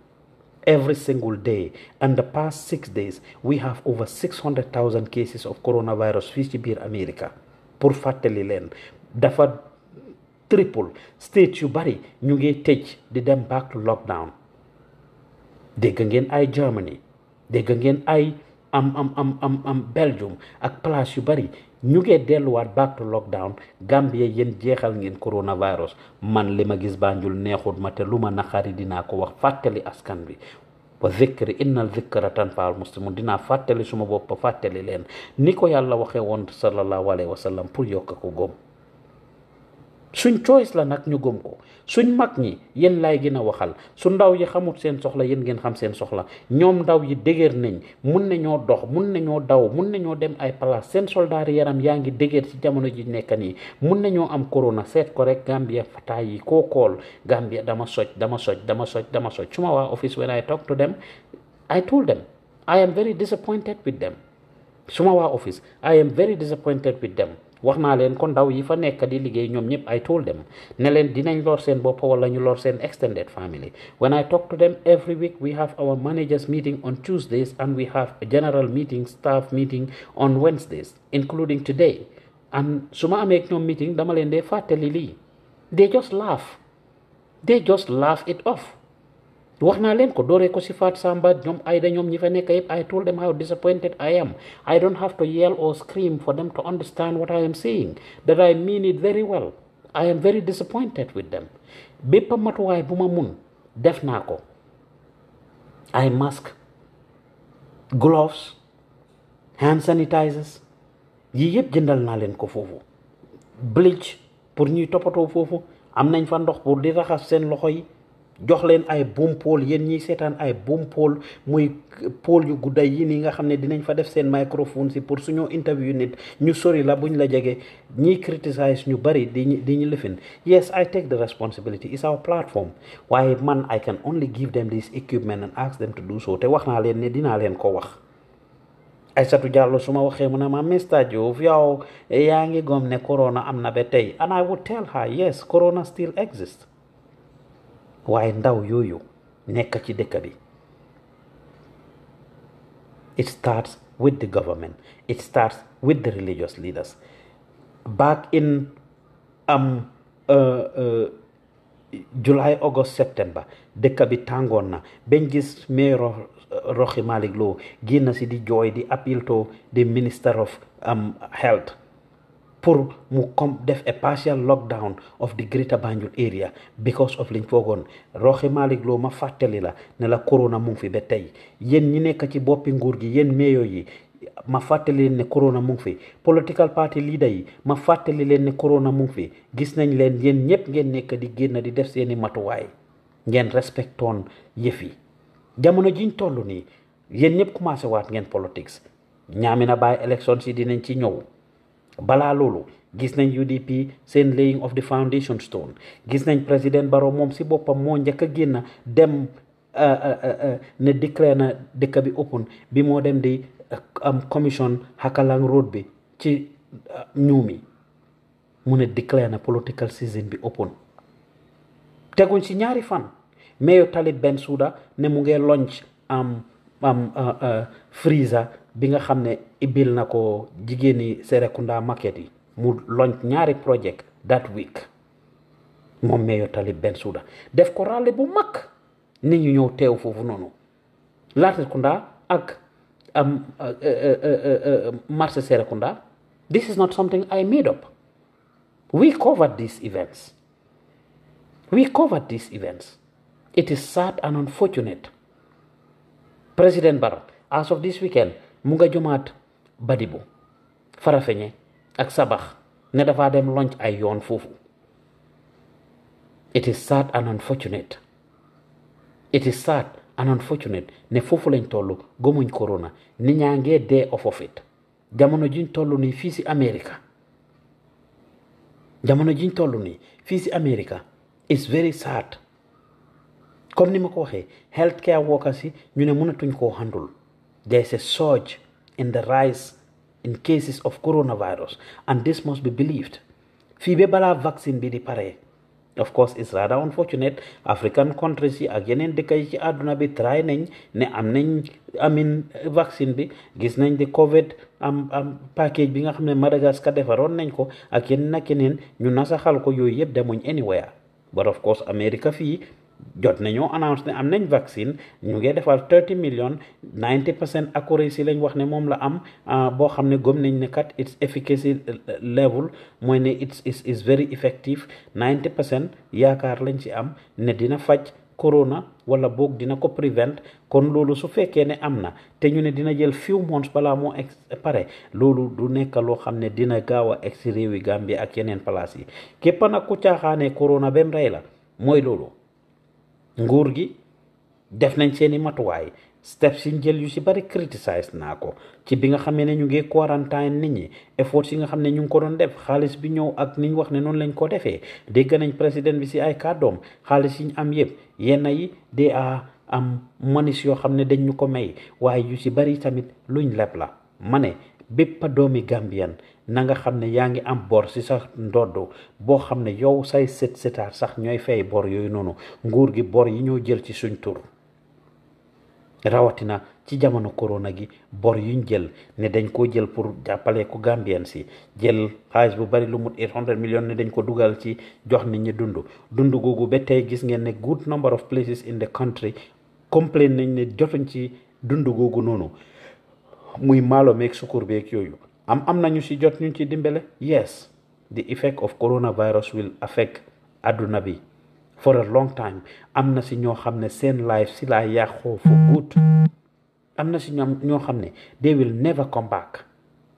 every single day and the past six days we have over six hundred thousand cases of coronavirus fii ci biir Amérique pour fàttali leen dafa triple state yu bari ñu ngi tëj di dem back to lockdown dégg ngeen ay Germany dégg ngeen ay am am am am am Belgium ak place yu bari ñu ngee delluwaat back to lockdown Gambia yéen jeexal ngeen coronavirus man li ma gis Banjul neexut ma te lu ma naqari dinaa ko wax fàttali askan bi wa zikri innal zikra tanfaal muslimun dinaa fàttali suma bopp fàttali leen ni ko yàlla waxee woon sallallahu alayhi wa sallam pour yokk ko góom suñ choice la nak ñu gëm ko suñ mag ñi yen laay gën a waxal su ndaw yi xamut seen soxla yéen ngeen xam seen soxla ñoom ndaw yi dëgër nañ mun nañoo dox mun nañoo daw mun nañoo dem ay place seen soldaari yaram yaa ngi dëgër ci jamono ji nekk mun nañoo am corona set ko rek Gambia fataay yi koo kool Gambia dama soj dama soj dama soj dama soj suma office when I talk to them I told them I am very disappointed with them suma wa office I am very disappointed with them wax naa leen kon ndaw yi fa nekk di liggéey ñoom ñëpp I told them ne leen dinañ lor seen bopp wala ñu lor seen extended family when I talk to them every week we have our managers meeting on Tuesdays and we have a general meeting staff meeting on Wednesdays including today and suma ma amee meeting dama leen dee fàttali lii they just laugh they just laugh it off wax naa leen ko dooree ko si Fatou Samba ñoom Aida ñoom ñi fa nekk yëpp I told them how disappointed I am I don't have to yell or scream for them to understand what I am saying that I mean it very well I am very disappointed with them bépp matuwaay bu ma mun def naa ko ay mask gloves hand sanitizers yii yëpp jëndal naa leen ko foofu bleach pour ñuy toppatoo foofu am nañ fa ndox pour di raxas seen loxo yi jox leen ay boom pole yéen ñiy seetaan ay boom pole muy pole yu gudday yi nii nga xam ne dinañ fa def seen microphone si pour suñoo interview nit ñu sori la buñ la jege ñi criticize ñu bari di ñu di ñu lëfin yes I take the responsibility it's our platform waaye man I can only give them this equipment and ask them to do so te wax naa leen ne dinaa leen ko wax. ay satu Jallow su ma waxee mu ne ma message Diouf yow yaa ngi gom ne corona am na ba tey and I would tell her yes corona still waaye ndaw yooyu nekk ci dëkk bi it starts with the government it starts with the religious leaders back in um, uh, uh, July August September dëkk bi tàngoon na bañ gis mais Rohey Malick Lowe génn si di jooy di appeal to the minister of um, health pour mu comme def a partial lockdown of the greater Banjul area because of liñ foogoon Rohey Malick Lowe ma fàttali la ne la corona mu ngi fi ba tey yéen ñi nekk ci boppi nguur gi yéen meeyoo yi ma fàttali leen ne corona mu fi political party leader yi ma fàttali leen ne corona mu fi gis nañ leen yéen ñëpp ngeen nekk di génn di def seeni matuwaay ngeen respectoon yëf yi jamono jiñ toll nii yéen ñëpp commencé waat ngeen politics ñaami na bàyyi élection si dinañ ci ñëw balaa loolu gis nañ UDP seen laying of the foundation stone gis nañ président Barrow moom si boppam moo njëkk a génn dem euh, euh, euh, ne déclare na dëkk bi open bi moo dem di am commission Hakalang road bi ci ñuumi mu ne déclare na political season bi open teguñ si ñaari fan mayor Talib suuda ne mu ngee launch am am freezer bi nga xam ne ibbil na ko jigéeni Serekunda market yi mu launch ñaari project that week moom meeyoo Talib Bensouda def ko ràlle bu mag nit ñu ñëw teew foofu noonu Latrikunda ak am uh, uh, uh, marché Serekunda this is not something I made up we covered these events we covered these events it is sad and unfortunate President Barrow as of this weekend mu nga jumaat badibu farafeñe ak sabax ne dafa dem lonc ay yoon foofu it is sad and unfortunate it is sad and unfortunate ne foofu lañ toll gëmuñ corona ni ñaa ngee dee off of it jamono jiñ toll nii fii si America jamono jiñ toll nii fii si America is very sad comme ni ma ko waxee health care workers yi ñu ne mënatuñ koo handul there's a surge in the rise in cases of coronavirus and this must be believed fii bi balaa vaccine bi di pare of course it's rather unfortunate African countries yi ak yeneen dëkk yi ci àdduna bi try nañ ne am nañ amin vaccine bi gis nañ di covid am am package bi nga xam ne ka defaroon nañ ko ak yeneen ak yeneen ñu nasaxal ko yooyu yëpp demuñ anywhere but of course America fii jot nañoo annonce ne am nañ vaccine ñu ngi defar 30 millions 90 percent accuracy lañ wax ne moom la am ah, boo xam ne gëm nañ ne kat its efficacy level mooy ne it's is very effective 90 percent yaakaar lañ si am ne dina faj corona wala boog dina ko prevent kon loolu su fekkee ne am na te ñu ne dina jël few months balaa moo ex pare loolu du nekk loo xam ne dina gaaw a réew yi réewi Gambie ak yeneen place yi képp nag ku caaxaanee corona bem rey la mooy loolu. nguur gi def nañ seeni matuwaay steps yi jël yu si bëri criticize naa ko ci bi nga xamee ne ñu ngi quarantine nit ñi efforts yi nga xam ne ñu ngi ko doon def xaalis bi ñëw ak ni ñu wax ne noonu lañ koo defee dégg nañ président bi si ay kàddoom xaalis yi ñu am yëpp yenn yi de a am manis yoo xam ne dañ ñu ko may waaye yu si bari tamit luñ leb la ma ne bépp doomi Gambian na nga xam ne yaa ngi am bor si sa ndodd boo xam ne yow say set sëtaar sax ñooy fay bor yooyu noonu nguur gi bor yi ñoo jël ci suñ tur rawatina ci jamono korona gi bor yuñ jël ne dañ ko jël pour jàppale ko Gambien si jël xaalis bu bari lu mut 800 million ne dañ ko dugal ci jox nit ñi dund dund googu ba tey gis ngeen ne good number of places in the country complain nañ ne jotuñ ci dund googu noonu muy maalo meeg sukkur beeg yooyu. am am nañu si jot ñu ci dimbale yes the effect of coronavirus will affect adduna bi for a long time am na si ñoo xam ne seen life si laa yàqoo for good am na si ñoom ñoo xam ne they will never come back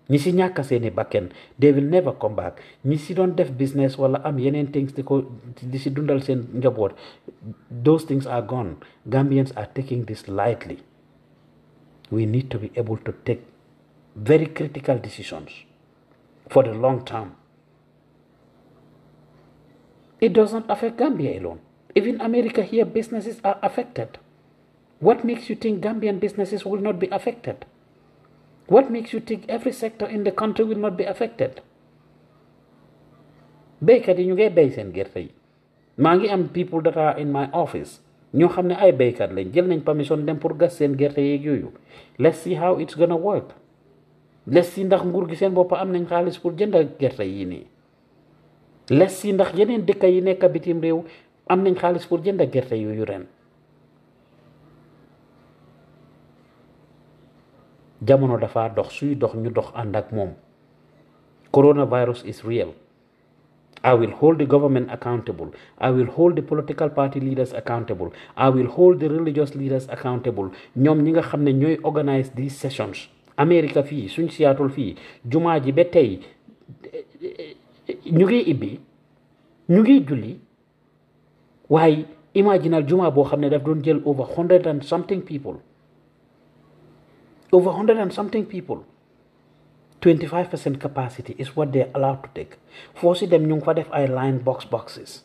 ñi si ñàkk seeni bakken they will never come back ñi si doon def business wala am yeneen things di ko di si dundal seen njaboot those things are gone Gambians are taking this lightly we need to be able to take very critical decisions for the long term. It doesn't affect Gambia alone. Even America here, businesses are affected. What makes you think Gambian businesses will not be affected? What makes you think every sector in the country will not be affected? Baker, you get ngay and get gerte yi maa am people that are in my office ñoo xam ne ay béykat lañ jël nañ permission dem pour gas seen gerte yeeg yooyu let's see how it's gonna work les si ndax nguur gi seen bopp am nañ xaalis pour jënd ak gerte yii nii les si ndax yeneen dëkk yi nekk bitim réew am nañ xaalis pour jënd ak gerte yooyu ren jamono dafa dox suy dox ñu dox ànd ak moom coronavirus is real I will hold the government accountable. I will hold the political party leaders accountable. I will hold the religious leaders accountable. ñoom ñi nga xam ne ñooy organize these sessions America, fi, suñ Seattle fi. Juma ji ba tey ñu ngi ibbi ñu ngi julli waaye imaginal jumaa boo xam ne daf doon jël over hundred and something people over hundred and something people 25 percent capacity is what they're allowed to take foo si dem ñu ngi fa line box boxes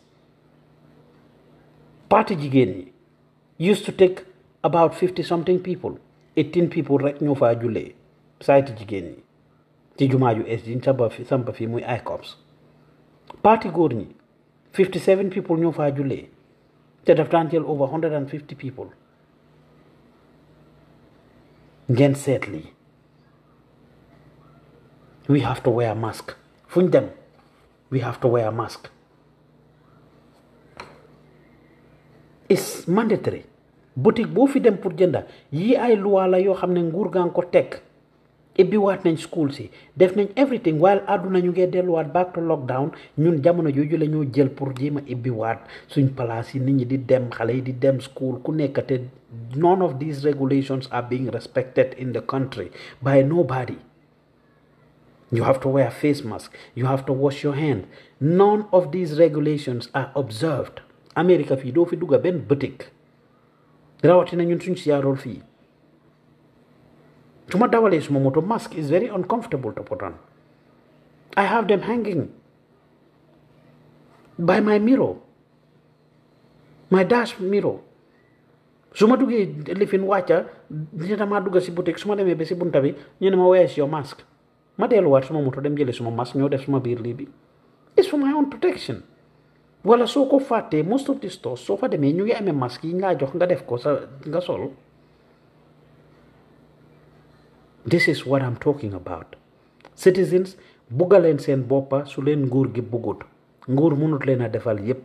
Party jigeni used to take about 50 something people 18 people rek ñoo faa site jigéen ñi ci jumaaju yu es yiñ samba fi samba fi muy ICOPS parti gor ni 57 people ñofa julé té daf tan jël over 150 people ngeen seet we have to wear a mask fuñ dem we have to wear a mask Is mandatory boutique bo fi dem pour jënda yi ay loi la yo xamné nguur ko ibbiwaat nañ school si def nañ everything while àdduna ñu ngee delluwaat back to lockdown ñun jamono jooju la ñoo jël pour jéem a ibbiwaat suñ palaas yi nit di dem xale yi di dem school ku nekk none of these regulations are being respected in the country by nobody You have to wear a face mask. You have to wash your hand. None of these regulations are observed. America fii doo fi dugga benn boutique rawatina ñun suñ siyaarool fii Chuma Dawale's Momoto mask is very uncomfortable to put on. I have them hanging by my mirror, my dash mirror. su ma duggee lifin wàcca ñu ne maa dugg si boutique su ma demee ba si bunta bi ñu ne ma wees yow masque ma delluwaat suma moto dem jëlee suma masque ñoo def suma biir lii it's for my own protection wala soo ko fàttee most of the stores soo fa demee ñu ngi amee masque yi nga jox def ko sa nga This is what I'm talking about. Citizens, bugga and seen boppa su gur nguur gi buggut nguur munut lena defal yépp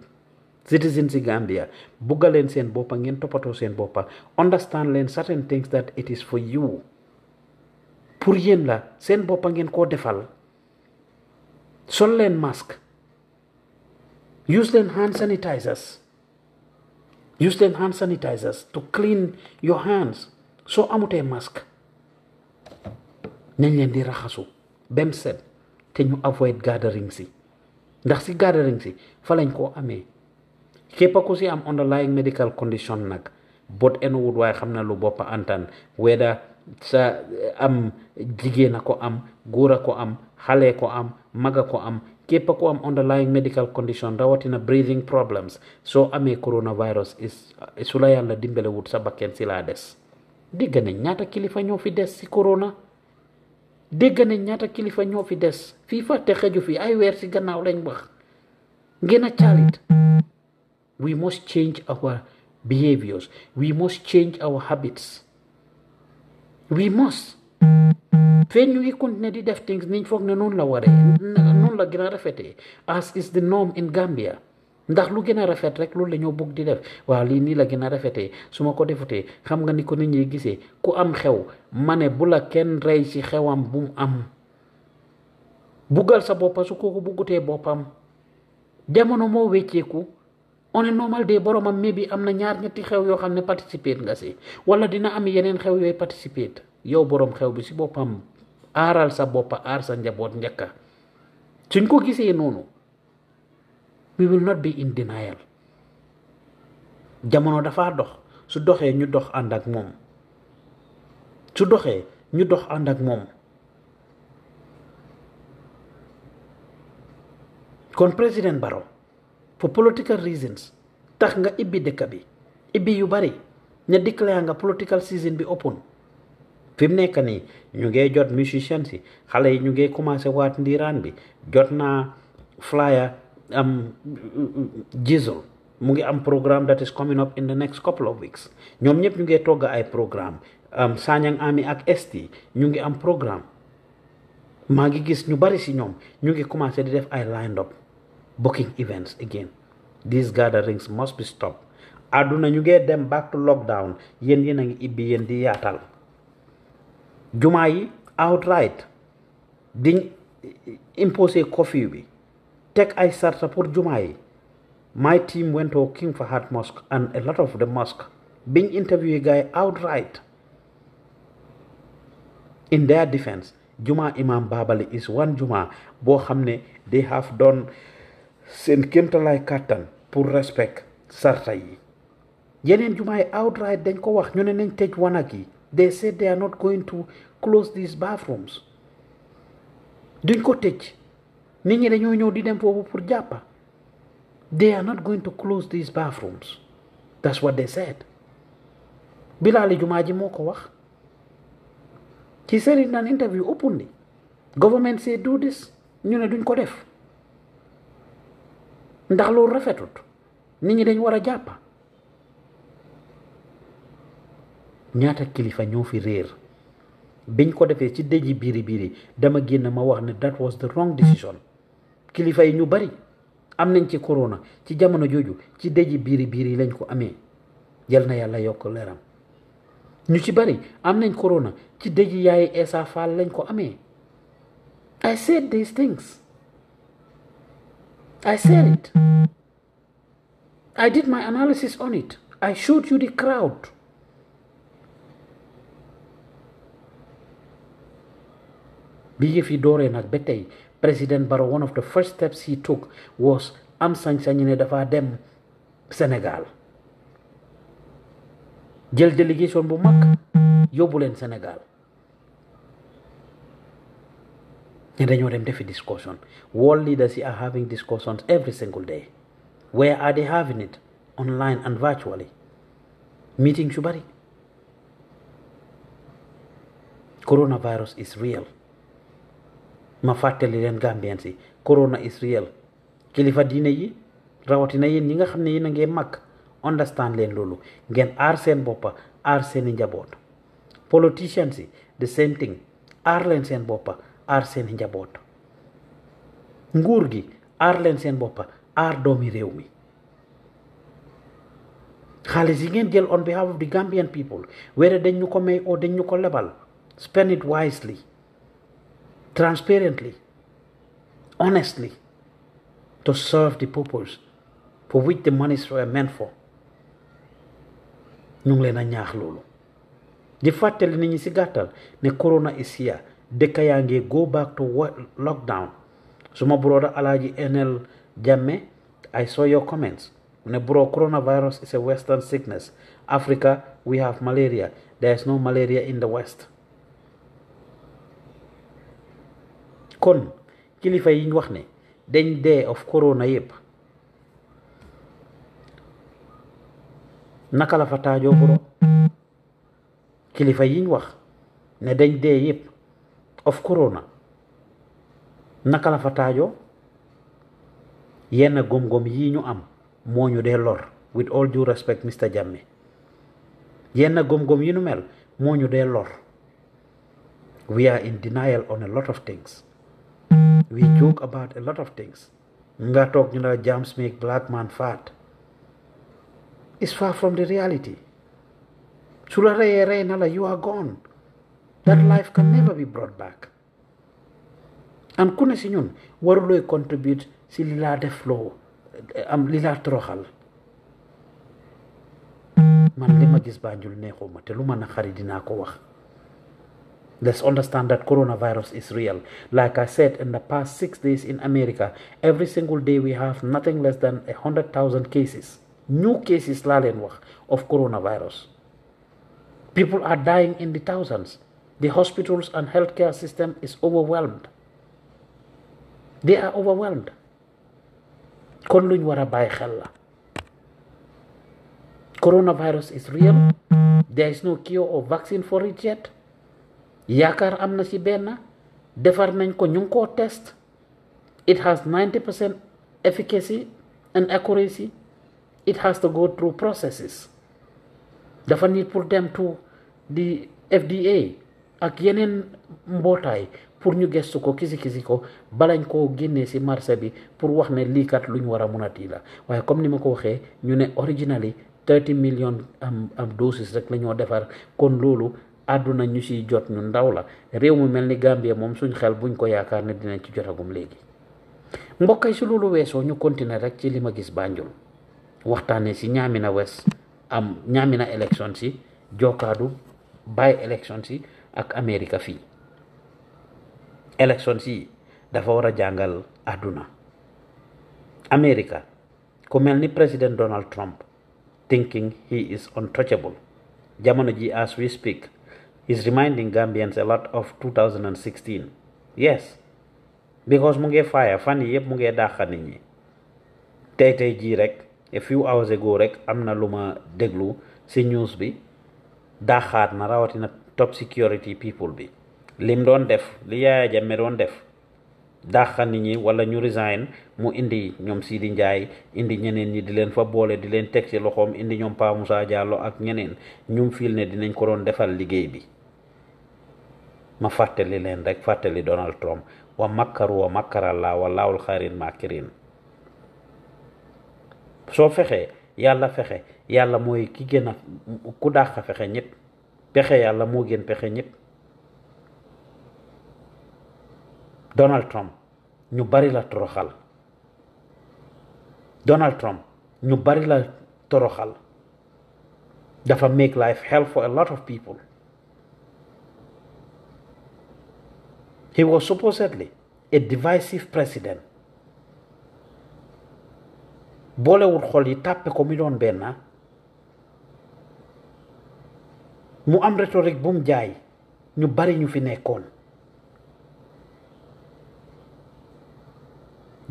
citizens in Gambia bugga leen seen boppa understand leen certain things that it is for you pour yéen la defal sol leen use the hand sanitizers use the hand sanitizers to clean your hands soo amutee mask. nañ leen di raxasu bem set te ñu avoid gathering si ndax si gathering si fa lañ koo amee képp ku si am underlying medical condition nag boot enuwut waaye xam na lu boppa antan weda sa eh, am jigéen a ko am góor a ko am xale ko am maga ko am képp ku am underlying medical condition rawatina breathing problems soo amee coronavirus eh, su la yàlla dimbalewut sa bakken si laa des dégg nañ ñaata kilifa ñoo fi des si corona dégg nañ ñaata kilifa ñoo fi des fii xeju fi ay weer si gannaaw lañ wax ngeen a caalit we must change our behaviors we must change our habits we must feeñ ñu ngi continuer di def things niñ foog ne noonu la waree noonu la gën a rafetee as is the norm in Gambia ndax lu gën a rafet rek loolu lañoo ñoo bëgg di def waaw lii nii la gën a rafetee su ma ko defutee xam nga ni ko nit ñi gisee ku am xew ma ne bu la kenn rey ci xewam bu mu am buggal sa boppa su kooku buggutee boppam jamono moo wécceeku on est normal de boromam mais bi am na ñaar ñetti xew yoo xam ne participer nga si wala dina am yeneen xew yooyu participer yow boroom xew bi si boppam aaral sa boppa aar sa njaboot njëkka suñ ko gisee noonu we will not be in denial jamono dafa dox su doxé ñu dox and ak mom su doxé ñu dox and ak mom kon president baro for political reasons tax nga ibi dekk bi ibi yu bari nga political season bi open fim nek ni ñu ngey jot musicians si xale ñu ngey commencer wat ndiran bi jotna flyer am mu ngi am programme that is coming up in the next couple of weeks ñoom ñëpp ñu ngi togg ay programme Sanyang Ami ak ST ñu ngi am programme maa ngi gis ñu bari si ñoom ñu ngi commencé di def ay lined up booking events again these gatherings must be stopped àdduna ñu ngee dem back to lockdown yéen yéen a ngi ibbi yéen di yaatal jumaa yi outright diñ imposé curfew bi tek ay sarta pour jumaay my team went to King Fahad Mosque and a lot of the mosque being interviewed guy outright in their defense Juma Imam Babali is one Juma bo xamne they have done seen lay katan, pour respect sarta yi yenen Juma outright dañ ko wax ñune nañ tej wanaki they said they are not going to close these bathrooms duñ ko tej nit ñi dañoo di dem foofu pour jàppa they are not going to close these bathrooms that's what they said bilaali jumaa ji moo ko wax ci sëriñ naan interview openly government say do this ñu ne duñ ko def ndax loolu rafetut nit ñi dañ war a jàppa ñaata kilifa ñoo fi réer biñ ko defee ci biiri biiri dama génn ma wax ne that was the wrong decision kilifa yi ñu bari am nañ ci corona ci jamono jooju ci dëji biiri biir yi lañ ko amee jël na yàlla yokk leram ñu ci bari am nañ corona ci dëji yaayi Essa Faal lañ ko amee I said these things I said it I did my analysis on it I showed you the crowd bi yëf yi dooree nag ba tey président Barrow one of the first steps he took was am sañ-sañ ne dafa dem Sénégal jël délégation bu mag yobul in Sénégal ne dañoo dem defi discussion world leaders are having discussions every single day where are they having it online and virtually Meeting Shubari. coronavirus is real ma fàttali len gambien si corona is real kilifa dine yi rawatina yeen yi nga xamne yeen nga mak understand len lolu ngeen ar sen bopa ar sen njabot politicians si the same thing ar len sen bopa ar sen njabot nguur gi ar len sen bopa ar domi mi yi ngeen jël on behalf of the Gambian people wéré dañ ñu ko may o dañ ñu ko lebal spend it wisely transparently, honestly, to serve the purpose for which the monies were uh, meant for Nung ngi leen a di fàttali ñi ne corona is here Deka yange go back to lockdown my brother alaji enel jàmme I saw your comments mu ne bro coronavirus is a western sickness Africa we have malaria there is no malaria in the west kon kilifa yiñ wax ne dañ dee of corona yépp naka la fa taajoo boro kilifa yiñ wax ne dañ dee yépp of corona naka la fa taajoo yenn gom-gom yi ñu am moo ñu dee lor with all due respect Mr jamme yenn gom-gom yi nu mel moo ñu dee lor we are in denial on a lot of things we joke about a lot of things nga talk talking about jams make black man fat it's far from the reality nala you are gone that life can never be brought back and kuna ne si contribute si lila de flow, am li trohal. man li gis Banjul neexuma te lu ma naqari dinaa ko Let's understand that coronavirus is real. Like I said, in the past six days in America, every single day we have nothing less than 100,000 cases. New cases of coronavirus. People are dying in the thousands. The hospitals and healthcare system is overwhelmed. They are overwhelmed. coronavirus is real there is no cure or vaccine for it yet yaakaar am na ci benn defar nañ ko ñu ngi koo test it has ninety percent efficacy and accuracy it has to through processes dafa niit pour dem to di FDA ak yeneen mbootaay pour ñu gestu ko kisi kisi ko balañ koo génnee ci marché bi pour wax ne lii kat lu ñu war a mun a tiila waaye comme ni ma ko waxee ñu ne originally thirty million am am doses rek la ñoo defar kon loolu aduna ñu siy jot ñu ndaw la réew mu mel ni gambie moom suñ xel buñ ko yaakaar ne dinañ ci jotagum léegi mbokkay su loolu weesoo ñu continuer rek ci gis wes am ñaamina election si jokkaadu bay election si ak america fi Election si dafa war a jàngal america ku ni donald trump thinking he is untouchable jamono ji as we speak is reminding Gambians a lot of 2016 yes because mu ngee fire fan yi yëpp mu ngee dàqa nit ñi tey tey jii rek a few hours ago rek am na lu ma déglu si news bi dàqaat na rawatina top security people bi lim doon def li Yaya Jammeh doon def dàqa nit ñi wala ñu resign mu indi ñoom sii di njaay indi ñeneen ñi di leen fa boole di leen teg ci loxoom indi ñoom Pa Moussa ak ñeneen ñum fiil ne dinañ ko doon defal liggéey bi ma fàttali leen rek fàttali Donald Trump wa makkaru wa makkarallah wallaahul xayrin maakirin soo fexee yàlla fexe yàlla mooy ki gën ku dàq fexe ñëpp pexe yàlla moo gën pexe ñëpp Donald Trump ñu bari la toroxal Donald Trump ñu bari la toroxal dafa make life hell for a lot of people He was supposedly a divisive president boolewul xol yi tàppe ko mu doon benna mu am rhétorique bu mu jaay ñu bari ñu fi nekkoon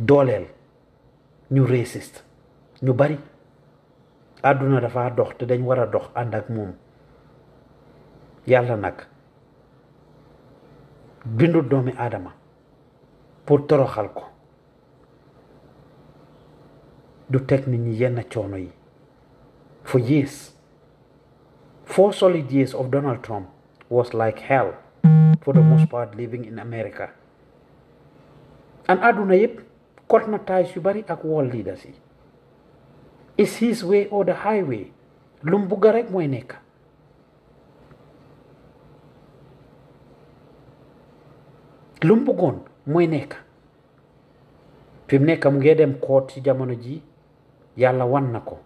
dooleel ñu raciste ñu bari àdduna dafa dox te dañ war a dox ànd ak moom yàlla nag bindu doomi aadama pour toroxal ko du teg nit ñi yenn coono yi for years four solid years of Donald Trump was like hell for the most part living in America and àdduna yëpp kot na yu bari ak world leaders yi is his way or the highway lu mu rek mooy nekk lumbugoon mooy nekk fi mu nekk mu ngey dem koot ci jamono ji yalla wan nako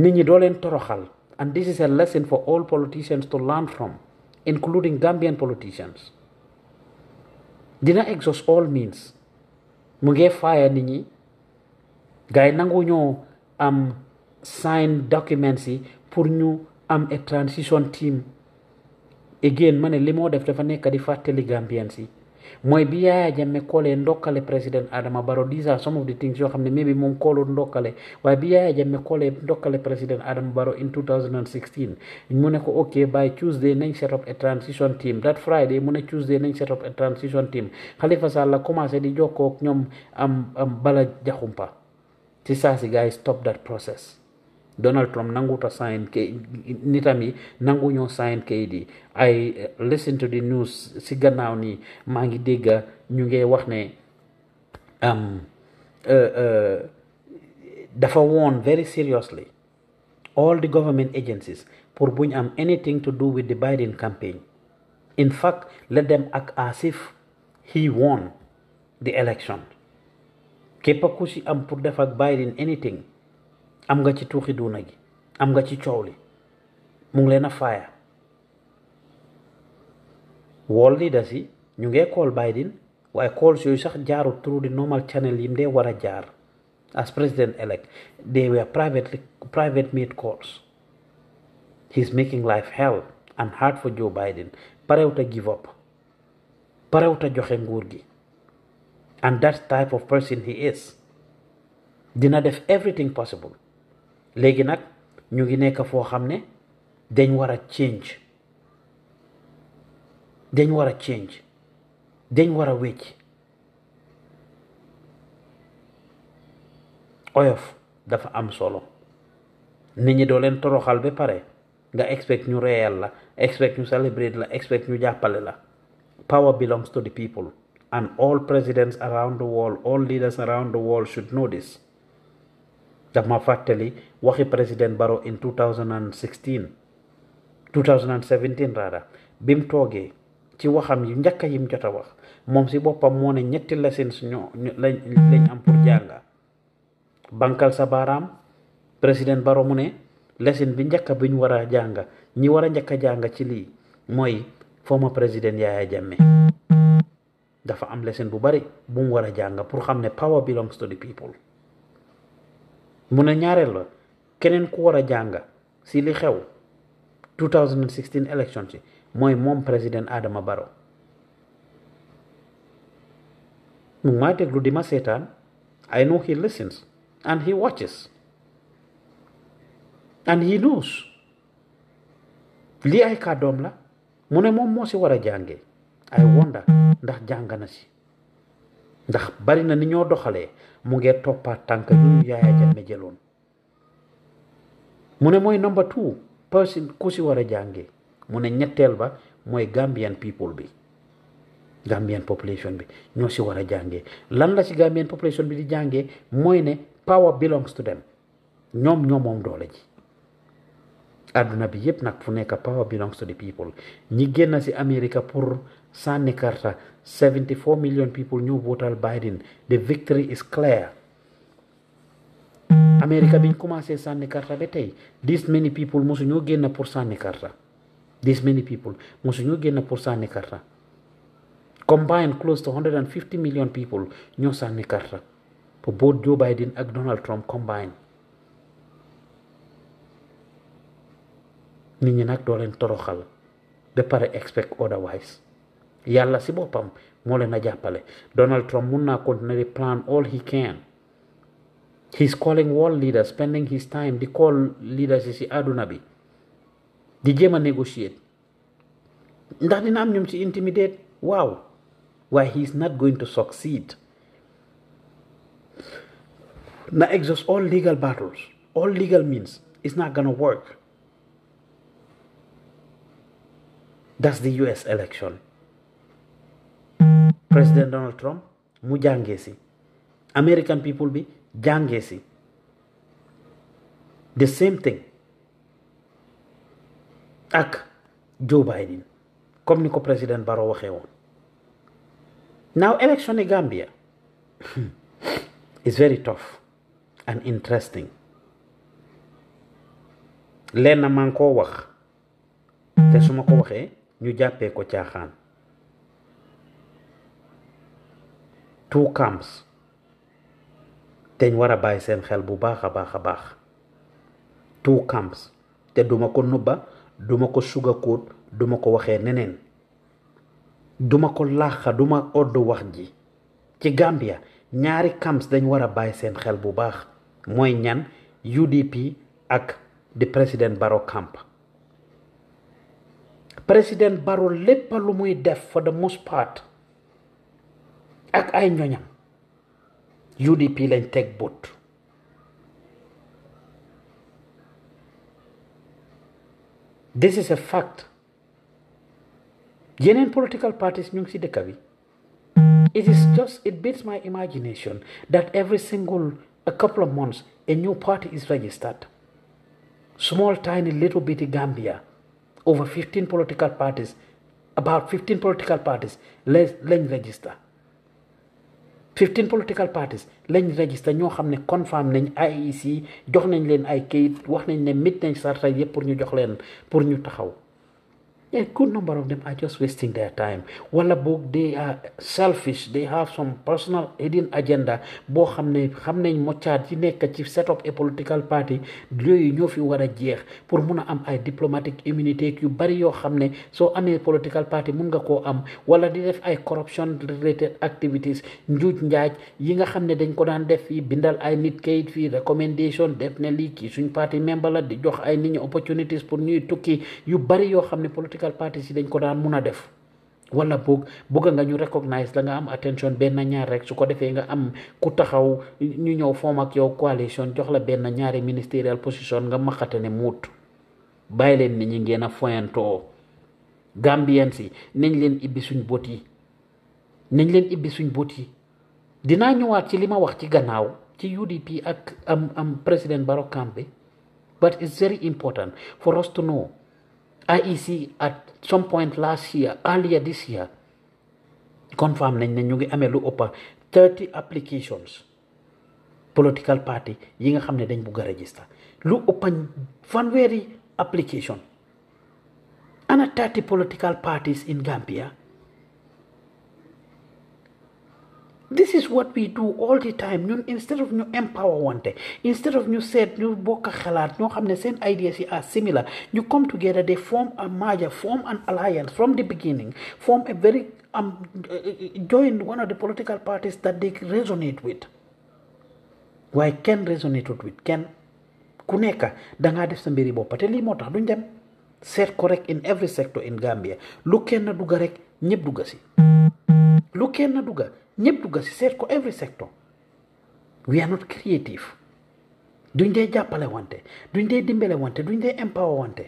nit ñi do leen toroxal and this is a lesson for all politicians to learn from including Gambian politicians dina exhaust all means mu ngey faaya nit ñi gay nangu am sign documents yi pour ñu am a transition team again ma ne li moo def dafa nekk di fàttali Gambians yi mooy bi Yaya Jammeh koolee ndokkale président Adama Barrow these are some of the things yoo xam ne maybe moom koolu ndokkale waaye bi Yaya Jammeh koolee ndokkale président Adama Barrow in mu ne ko ok by Tuesday nañ set up a transition team that Friday mu ne Tuesday nañ set up a transition team Halifa Sallah commencé di jokkoo ñoom am am bala jaxumpa ci saa si gars yi stop that process Donald Trump nanguta sign kay nitami nangu ñoo sign kayit I uh, listen to the news Sigana ni mangi maa ngi dégg Um, uh, wax uh, ne dafa very seriously all the government agencies pour buñ am anything to do with the Biden campaign in fact let them act as if he won the election képp ku am pour Biden anything am nga ci tuuxi duna gi am nga ci coow li mu ngi leen a faaya wool leaders yi ñu ngee call Biden waaye calls yooyu sax jaaru through the normal channel yim dee war a jaar as president elect they were privately private made calls he's making life hell and hard for Joe parewut a give up parewut a joxe nguur gi and that type of person he is dina def everything possible léegi nak ñu ngi nekk fo xam dañ wara change dañ wara change dañ wara a oyof dafa am solo nit ñi do leen toroxal be pare nga expect ñu réel la expect ñu celebrate la expect ñu jappalé la power belongs to the people and all presidents around the world all leaders around the world should know this dama fateli waxi president baro in 2016 2017 rara bim toge ci waxam yu ñaka yim jotta wax mom si bopam mo ne ñetti lessons ñoo lañ am pour jànga bankal sa baaraam président mu ne lesson bi ñaka buñ wara jànga ñi wara ñaka ci li moy former president Yahya Jammeh dafa am lesson bu bari bu mu wara jànga pour xamne power belongs to the people mu ne ñaareel ba keneen ku war a si li xew 2016 election ci mooy moom président Adama Barrow mu ngi maa di ma seetaan I know he listens and he watches and he knows Li ay kàddoom la mu ne moom moo si war a jàngee I wonder ndax jàng na si ndax bari na ni ñoo doxalee mu ngee toppaat tànk ñu yaaya jamme jëloon mu ne mooy number two person ku si war a jànge mu ne ñetteel ba mooy gambian people bi gambian population bi ñoo si war a lan la si gambian population bi di jàngee mooy ne power belongs to them ñoom ñoo moom doole ji aduna bi yépp nag fu nekk power belongs to the people ñi génn si america pour sànni karta 74 million people ñoo votal Biden the victory is clear America biñ commencé sànni karta ba tey this many people mosu ñoo génn pour sànni karta this many people mosu génn pour sànni karta combined close to 150 million people ñoo sànni karta pour both Joe Biden ak Donald Trump combined nit ñi nag doo leen toroxal ba pare expect otherwise yàlla si boppam moo leen jàppale Donald Trump mun continue plan all he can he's calling world leaders spending his time di call leaders yi aduna bi di jéem negotiate ndax dina am ñoom ci intimidate Wow, why he is not going to succeed na exhaust all legal battles all legal means it's not gonna work that's the US election président Donald Trump mu jàngee si American people bi jàngee si the same thing ak Joe Biden comme ni ko président bara waxee woon now election in Gambia is very tough and interesting lenn maa ngi koo wax te su ma ko waxee ñu jàppee ko caaxaan two camps dañ war a bàyyi seen xel bu baax a baax two camps te duma ko nubba duma ko sugakoot duma ko waxee neneen duma ko làqa duma odd wax ji ci gambia ñaari camps dañ war a bàyyi seen xel bu baax mooy ñan udp ak di President baro camp President baro lépp lu muy def for the most part ak ay ñoñam UDP lañ teg bët this is a fact yeneen political parties ñu si ci dëkk bi it is just it beats my imagination that every single a couple of months a new party is registered small tiny little bitty Gambia over 15 political parties about 15 political parties let's register fifteen political parties lañ registré ñoo xam ne confirm nañ IEC jox nañ leen ay kayit wax nañ ne mit nañ sarta yëpp pour ñu jox leen pour ñu taxaw a good number of them are just wasting their time Walla book. they are selfish they have some personal hidden agenda Bo xam ne mo nañ moccaat yi nekk ci set up a political party yooyu ñoo fi war a jeex pour mun a am ay diplomatic immunity. yu bari yoo xam So soo political party munga nga koo am wala di def ay corruption related activities njuuj njaaj yi nga xam ne dañ ko daan def fii bindal ay nit kayit fi recommendation def ne lii kii suñ party member la di jox ay nit ñi opportunities pour ñuy tukki yu bari your xam political political parties yi dañ ko daan mun a def wala boog bëgg nga ñu recognize la nga am attention benn ñaar rek su ko defee nga am ku taxaw ñu ñëw foom ak yow coalition jox la benn ñaari ministériel position nga maxate ne muut bàyyi leen ni ñi ngeen a foyantoo gambien si nañ leen ibbi suñ bot yi nañ leen ibbi suñ bot yi dinaa ñëwaat ci li ma wax ci gannaaw ci UDP ak am am président Barrow Camp bi but it's very important for us to know IEC at some point last year earlier this year confirm nañ ne ñu ngi amee lu ëppa thirty applications political party yi nga xam ne dañ bugg a register lu ëppa fanweeri application ana thirty political parties in Gambia this is what we do all the time ñun instead of ñu empower wante instead of ñu seet ñu bokk xalaat ñoo xam ne seen ideas yi are similar ñu come together they form a merger form an alliance from the beginning form a very um, join one of the political parties that they resonate with Why can resonate with Can ku nekk da ngaa def sa mbiri bopp te lii moo tax duñ dem in every sector in Gambia lu kenn duga rek ñëpp duga si lu kenn duga. ñëpp dugga si seet ko every sector we are not creative duñ dee jàppale wante duñ dee dimbale wante duñ dee empower wante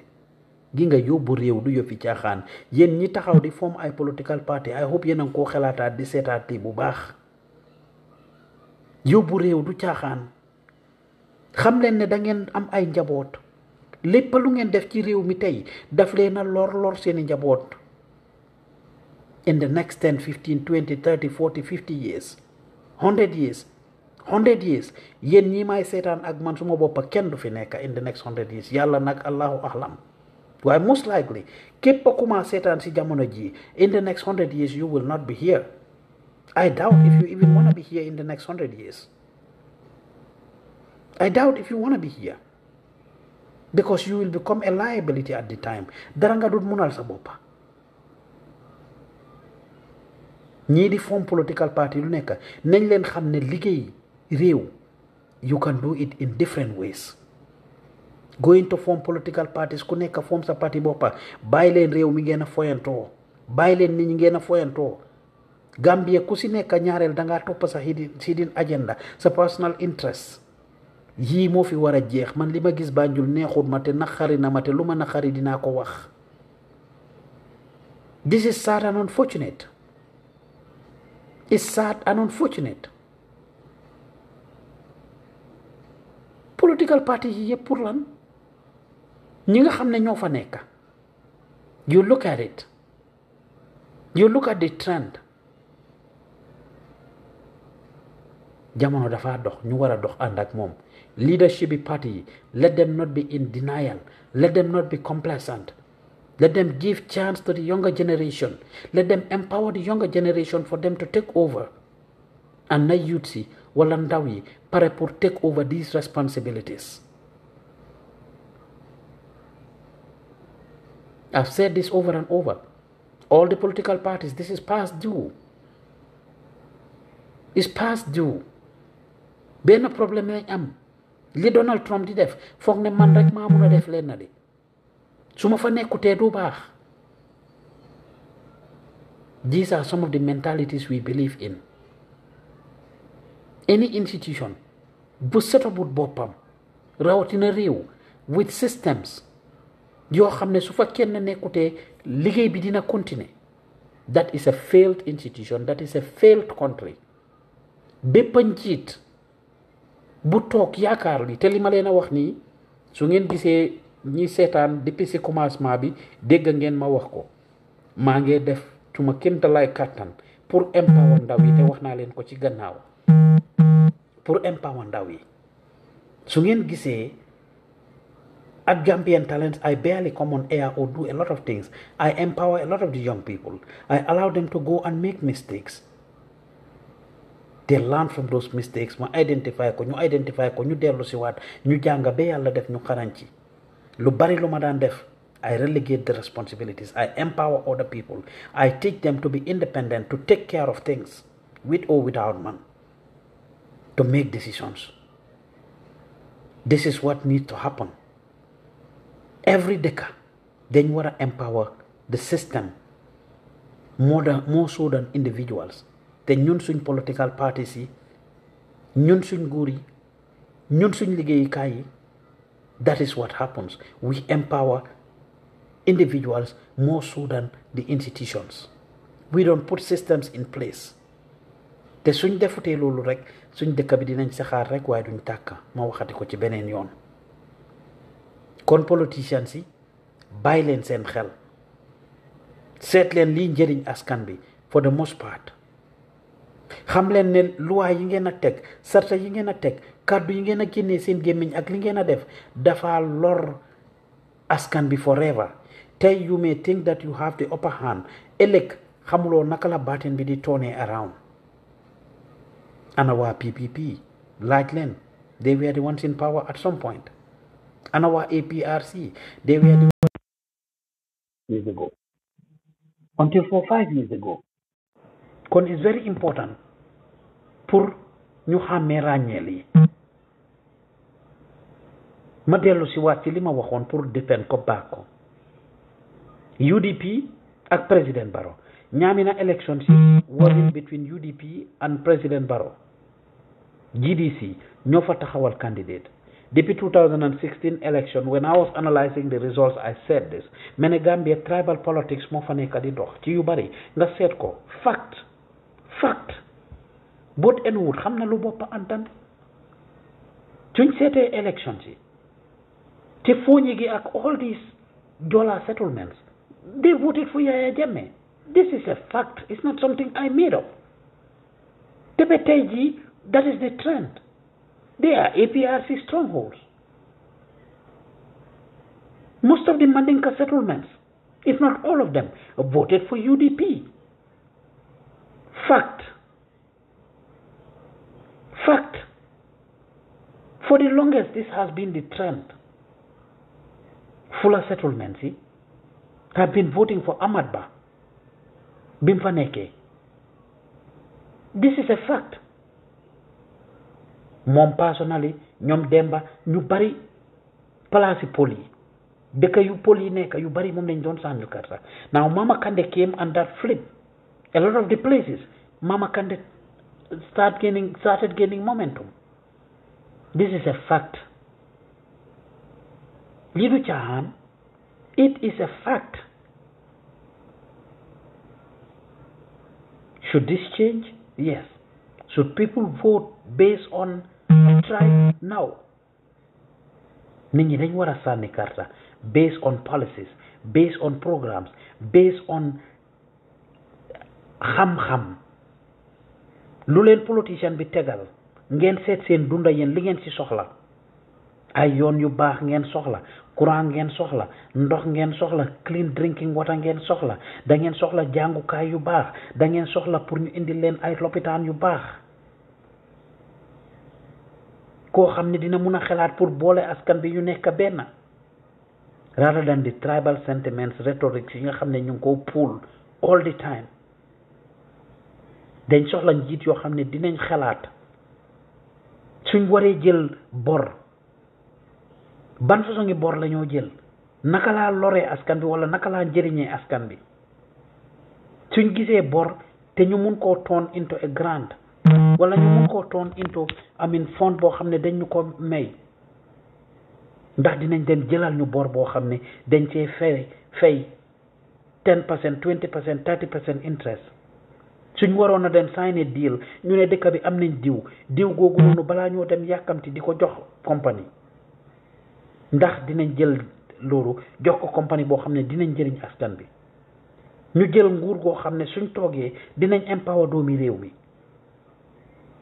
gi nga yóbbu réew du yëfi caaxaan yéen ñi taxaw di form ay political party ay hope yéen a koo xalaataat di seetaat bu baax yóbbu réew du caaxaan xam leen ne da ngeen am ay njaboot Le lu ngeen def ci réew mi tey daf leen a lor lor seeni njaboot in the next 10, 15, 20, 30, 40, 50 years 100 years 100 years ye ñi may setan ak man suma boppa kenn du fi nekk in the next 100 years yàlla nak allahu ahlam Why most likely képp ku ma setan si jamono ji in the next 100 years you will not be here I doubt if you even want to be here in the next 100 years I doubt if you want to be here because you will become a liability at the time dara nga dut munal sa ñii di form political party lu nekk nañ leen xam ne liggéey réew you can do it in different ways going to form political parties ku nekk form sa parti boppa bàyyi leen réew mi ngeen a foyantoo bàyyi leen ni ñi ngeen a foyantoo Gambia ku si nekk ñaareel dangaa topp sa hidden hidden agenda sa personal interest yii moo fi war a jeex man li ma gis Banjul neexut ma te xari na ma te lu ma xari dinaa ko wax this is sad and unfortunate is sad and unfortunate. political party here, yëpp pour lan ñi you look at it you look at the trend jamono dafa dox ñu war dox ànd ak leadership party, let them not be in denial let them not be complacent let them give chance to the younger generation. Let them empower the younger generation for them to take over. And Nayutsi, Walandawi, Parepur take over these responsibilities. I've said this over and over. All the political parties, this is past due. It's past due. no problem I am li Donald Trump di def foog ne man rek def suma fa nekkutee du baax these are some of the mentalities we believe in any institution bu setobut boppam rawatina réew with systems yoo xam ne su fa kenn nekkutee liggéey bi dina continuer that is a failed institution that is a failed country bépp njiit bu toog yaakaar li te li ma leen a wax nii su ngeen gisee ñi seetaan depuis si commencement bi dégg ngeen ma wax ko maa ngi def suma kéemtalaay kàttan pour empower ndaw yi te wax naa leen ko ci gannaaw pour empower ndaw yi su ngeen gisee ak Gambian Talents I barely common on air or do a lot of things I empower a lot of the young people I allow them to go and make mistakes they learn from those mistakes ma identify ko ñu identify ko ñu dellu si waat ñu jàng ba yàlla def ñu xarañ ci lu bari lu ma daan def I relegate the responsibilities. I empower other people. I teach them to be independent, to take care of things with or without man, to make decisions. This is what needs to happen. Every decade, then you want to empower the system more, than, more so than individuals. Then ñun suñ political parties yi ñun suñ nguur yi ñun suñ liggéeyukaay that is what happens. We empower individuals more so than the institutions. We don't put systems in place. te suñ defutee loolu rek suñ dëkk bi dinañ saxaar rek waaye duñ tàkk ma waxati ko ci beneen yoon kon politiciens yi bàyyi leen seen xel leen njëriñ askan bi for the most part xam leen ne loi yi ngeen a teg sarta yi ngeen a teg kaddu yi ngeen a génnee seen gémmiñ ak li ngeen a def dafa lor askan bi forever tey you may think that you have the upper hand Elek xamuloo naka la baatin bi di tournee around ana waa PPP laaj leen they were the ones in power at some point ana waa APRC they were the years ago until four five years ago kon is very important pour ñu xàmmee ràññeel lii ma dellu si waat ci li ma waxoon pour dépen ko baax ko UDP ak président Barrow ñaamina na si was in between UDP and président Barrow GDC ñoo fa taxawal candidate depuis 2016 election when I was analyzing the results I said this ma ne Gambia tribal politics moo fa nekk di dox ci yu bari nga seet ko fact fact boot en wut xam na lu boppa antan suñ seetee élections yi te fooñi gi ak all these dollar settlements they voted for Yaya Jammeh this is a fact it's not something I made up te ba tey that is the trend they are APRC strongholds most of the Mandinka settlements if not all of them voted for UDP fact fact, for the longest, this has been the trend. Fuller settlements eh, have been voting for Ahmadba, Bimfaneke. This is a fact. Mom personally ñoom Demba ñu bari place yi you yi neka you pôle yi nekk yu bari moom now Mama Kande came and that flip a lot of the places Mama Kande start gaining started gaining momentum. This is a fact. Little Chahan, it is a fact. Should this change? Yes. Should people vote based on a tribe? No. nit ñi dañ based on policies based on programs based on ham ham. lu leen politicien bi tegal ngeen seet seen dunda yéen li ngeen si soxla ay yoon yu baax ngeen soxla courant ngeen soxla ndox ngeen soxla clean drinking water ngeen soxla da ngeen soxla jàngukaay yu baax da ngeen soxla pour ñu indi leen ay lopitaan yu baax koo xam ne dina mun a xalaat pour boole askan bi ñu nekk benn rather than di tribal sentiments rhetorics yi nga xam ne ñu ngi ko puul all the time dañ soxla njiit yoo xam ne dinañ xalaat suñ waree jël bor ban façon ngi bor lañoo jël naka laa loree askan bi wala naka laa njëriñee askan bi suñ gisee bor te ñu mun koo toon into a grant wala ñu mun koo toon into amin fond boo xam ne dañ ñu ko may ndax dinañ dem jëlal ñu bor boo xam ne dañ cee fay fay ten percent twenty percent thirty percent interest suñ waroon a dem signé deal ñu ne dëkk bi am nañ diw diw googu noonu balaa ñoo dem yàkkamti di ko jox compagnie ndax dinañ jël loolu jox ko compagnie boo xam ne dinañ jëriñ askan bi ñu jël nguur goo xam ne suñ toogee dinañ empower doomi réew mi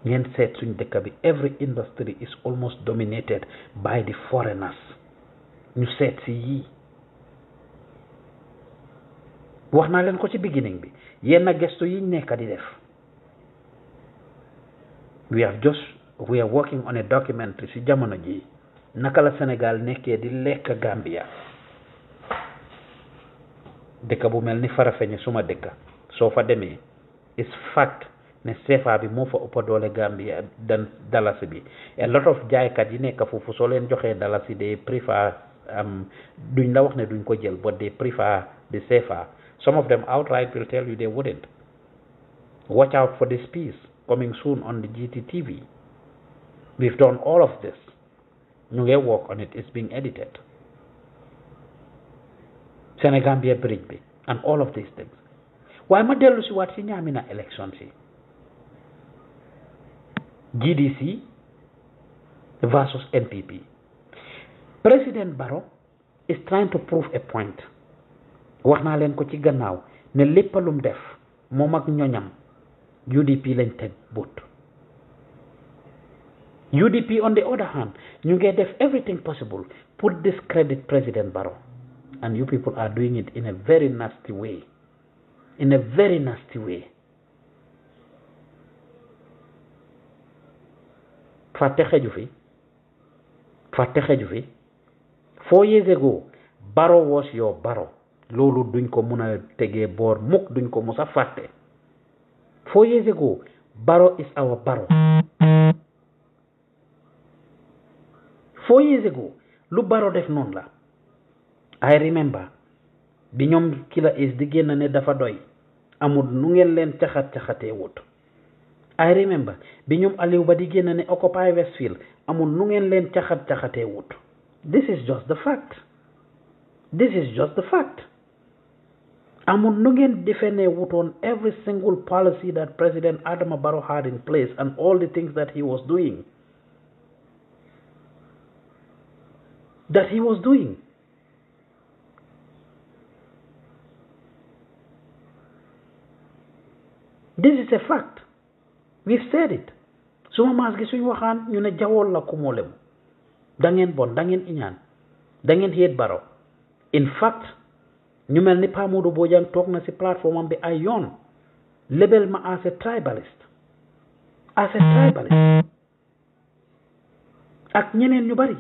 ngeen seet suñ dëkk bi every industry is almost dominated by the foreigners ñu seet si yii wax naa leen ko ci beginning bi yenn gestu yi nekk di def we have just we are working on a documentary si jamono ji naka la sénégal nekkee di lekk gambia dëkk bu mel ni farafeñe suma dëkk So fa demee is fact ne sefa bi moo fa doole Gambia dan dalas bi a lot of jaaykat yi nekk foofu soo leen joxee dalasi des prifa am um, duñ la wax ne duñ ko jël but des prifa de sefa Some of them outright will tell you they wouldn't. Watch out for this piece coming soon on the GTTV. We've done all of this. Nuge work on it is being edited. Senegambia bridge and all of these things. Why ma dellu si election GDC versus NPP. President Barrow is trying to prove a point wax na leen ko ci gannaaw ne lépp def moom ak ñoñam UDP lañ teg bët UDP on the other hand ñu ngi def everything possible pour discredit President Barrow and you people are doing it in a very nasty way in a very nasty way fàtte xeju fi fàtte xeju fi four years ago Barrow was your Barrow loolu duñ ko mun a tegee boor mukk duñ ko mos a fàtte four years ago Barrow is our Barrow four years ago lu Barrow def noonu la I remember bi ñoom kilo Ace di génn ne dafa doy amul nu ngeen leen caxat caxatee wut I remember bi ñoom Aliou ba di génn ne Occupy Westfield amul nu ngeen leen caxat caxatee wut this is just the fact this is just the fact Amunugin Defene would on every single policy that President Adama Barrow had in place and all the things that he was doing. That he was doing. This is a fact. We've said it. suma maas gi suñ waxaan ñu ne jawol la kumóolem da ngeen bon da ngeen iñaan da ngeen héet baro in fact ñu mel ni Pa Modou Bojang toog na ci plateforme am bi ay yoon label ma as a tribaliste as ak ñeneen ñu bari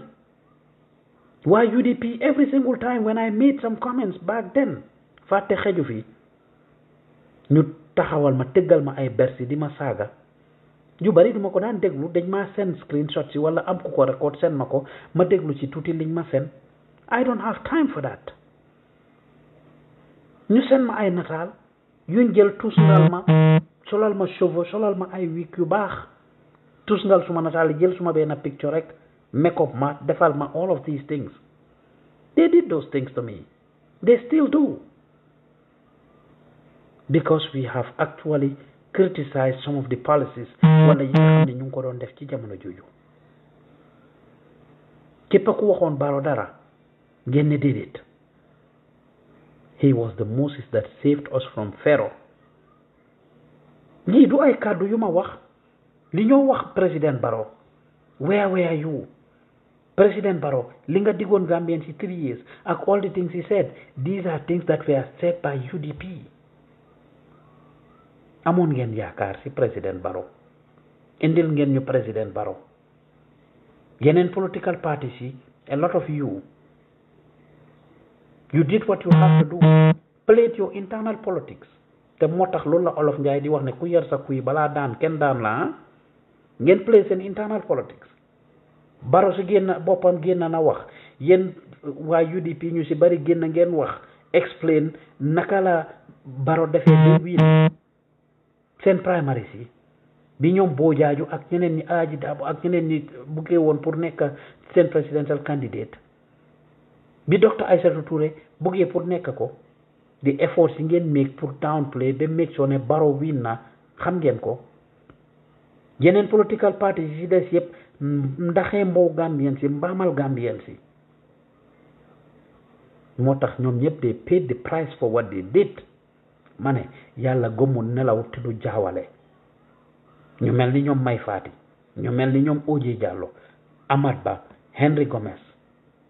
waa UDP every single time when I made some comments back then fàtte xeju fi ñu taxawal ma tëggal ma ay bersi di ma saaga yu bari duma ko daan déglu dañ maa seen screenshot si wala am ku ko record seen ma ko ma déglu ci tuuti liñ ma seen I don't have time for that ñu a ma ay nataal yuñ jël tuusnal ma solal ma cheveux solal ma ay wig yu baax tuusnal suma nataal jël suma benn picture rek make up ma defal ma all of these things they did those things to me they still do because we have actually criticized some of the policies When they nga xam ne ñu ngi ko doon def ci jamono jooju képp ku waxoon baro dara ngeen ne He was the Moses that saved us from Pharaoh Li du ay kaddu yuma wax li ñoo wax President Barrow where were you President Barrow li nga digoon Gambian ci 3 years ak all the things he said these are things that were said by UDP Amon ngeen yaakar ci President Barrow indil ngeen ñu President Barrow Yenen political parties yi a lot of you you did what you have to do played your internal politics te moo tax loolu la olof njaay di wax ne ku yar sa kuy balaa daan kenn daam la ah? ngeen play seen internal politics baro si génn boppam génn na wax yéen uh, waa UDP ñu si bari génn ngeen wax explain naka la baro defee di wiin seen primaries yi bi ñoom boo jaaju ak ñeneen ñi aaji daabo ak ñeneen ñi buggee woon pour nekk seen presidential candidate bi docteur Aïssatou Touré buggee pour nekk ko di effort si ngeen make pour downplay ba make sure ne Barrow win na xam ngeen ko yeneen political parties yi des yëpp ndaxee mbow Gambien si mbaamal Gambien si moo tax ñoom ñëpp de paid the price for what they ma ne yàlla gëmu nelaw te du jaawale ñu mel ni ñoom Mai Fatty ñu mel ni ñoom OJ Jallow Amat Bah Henry Gomez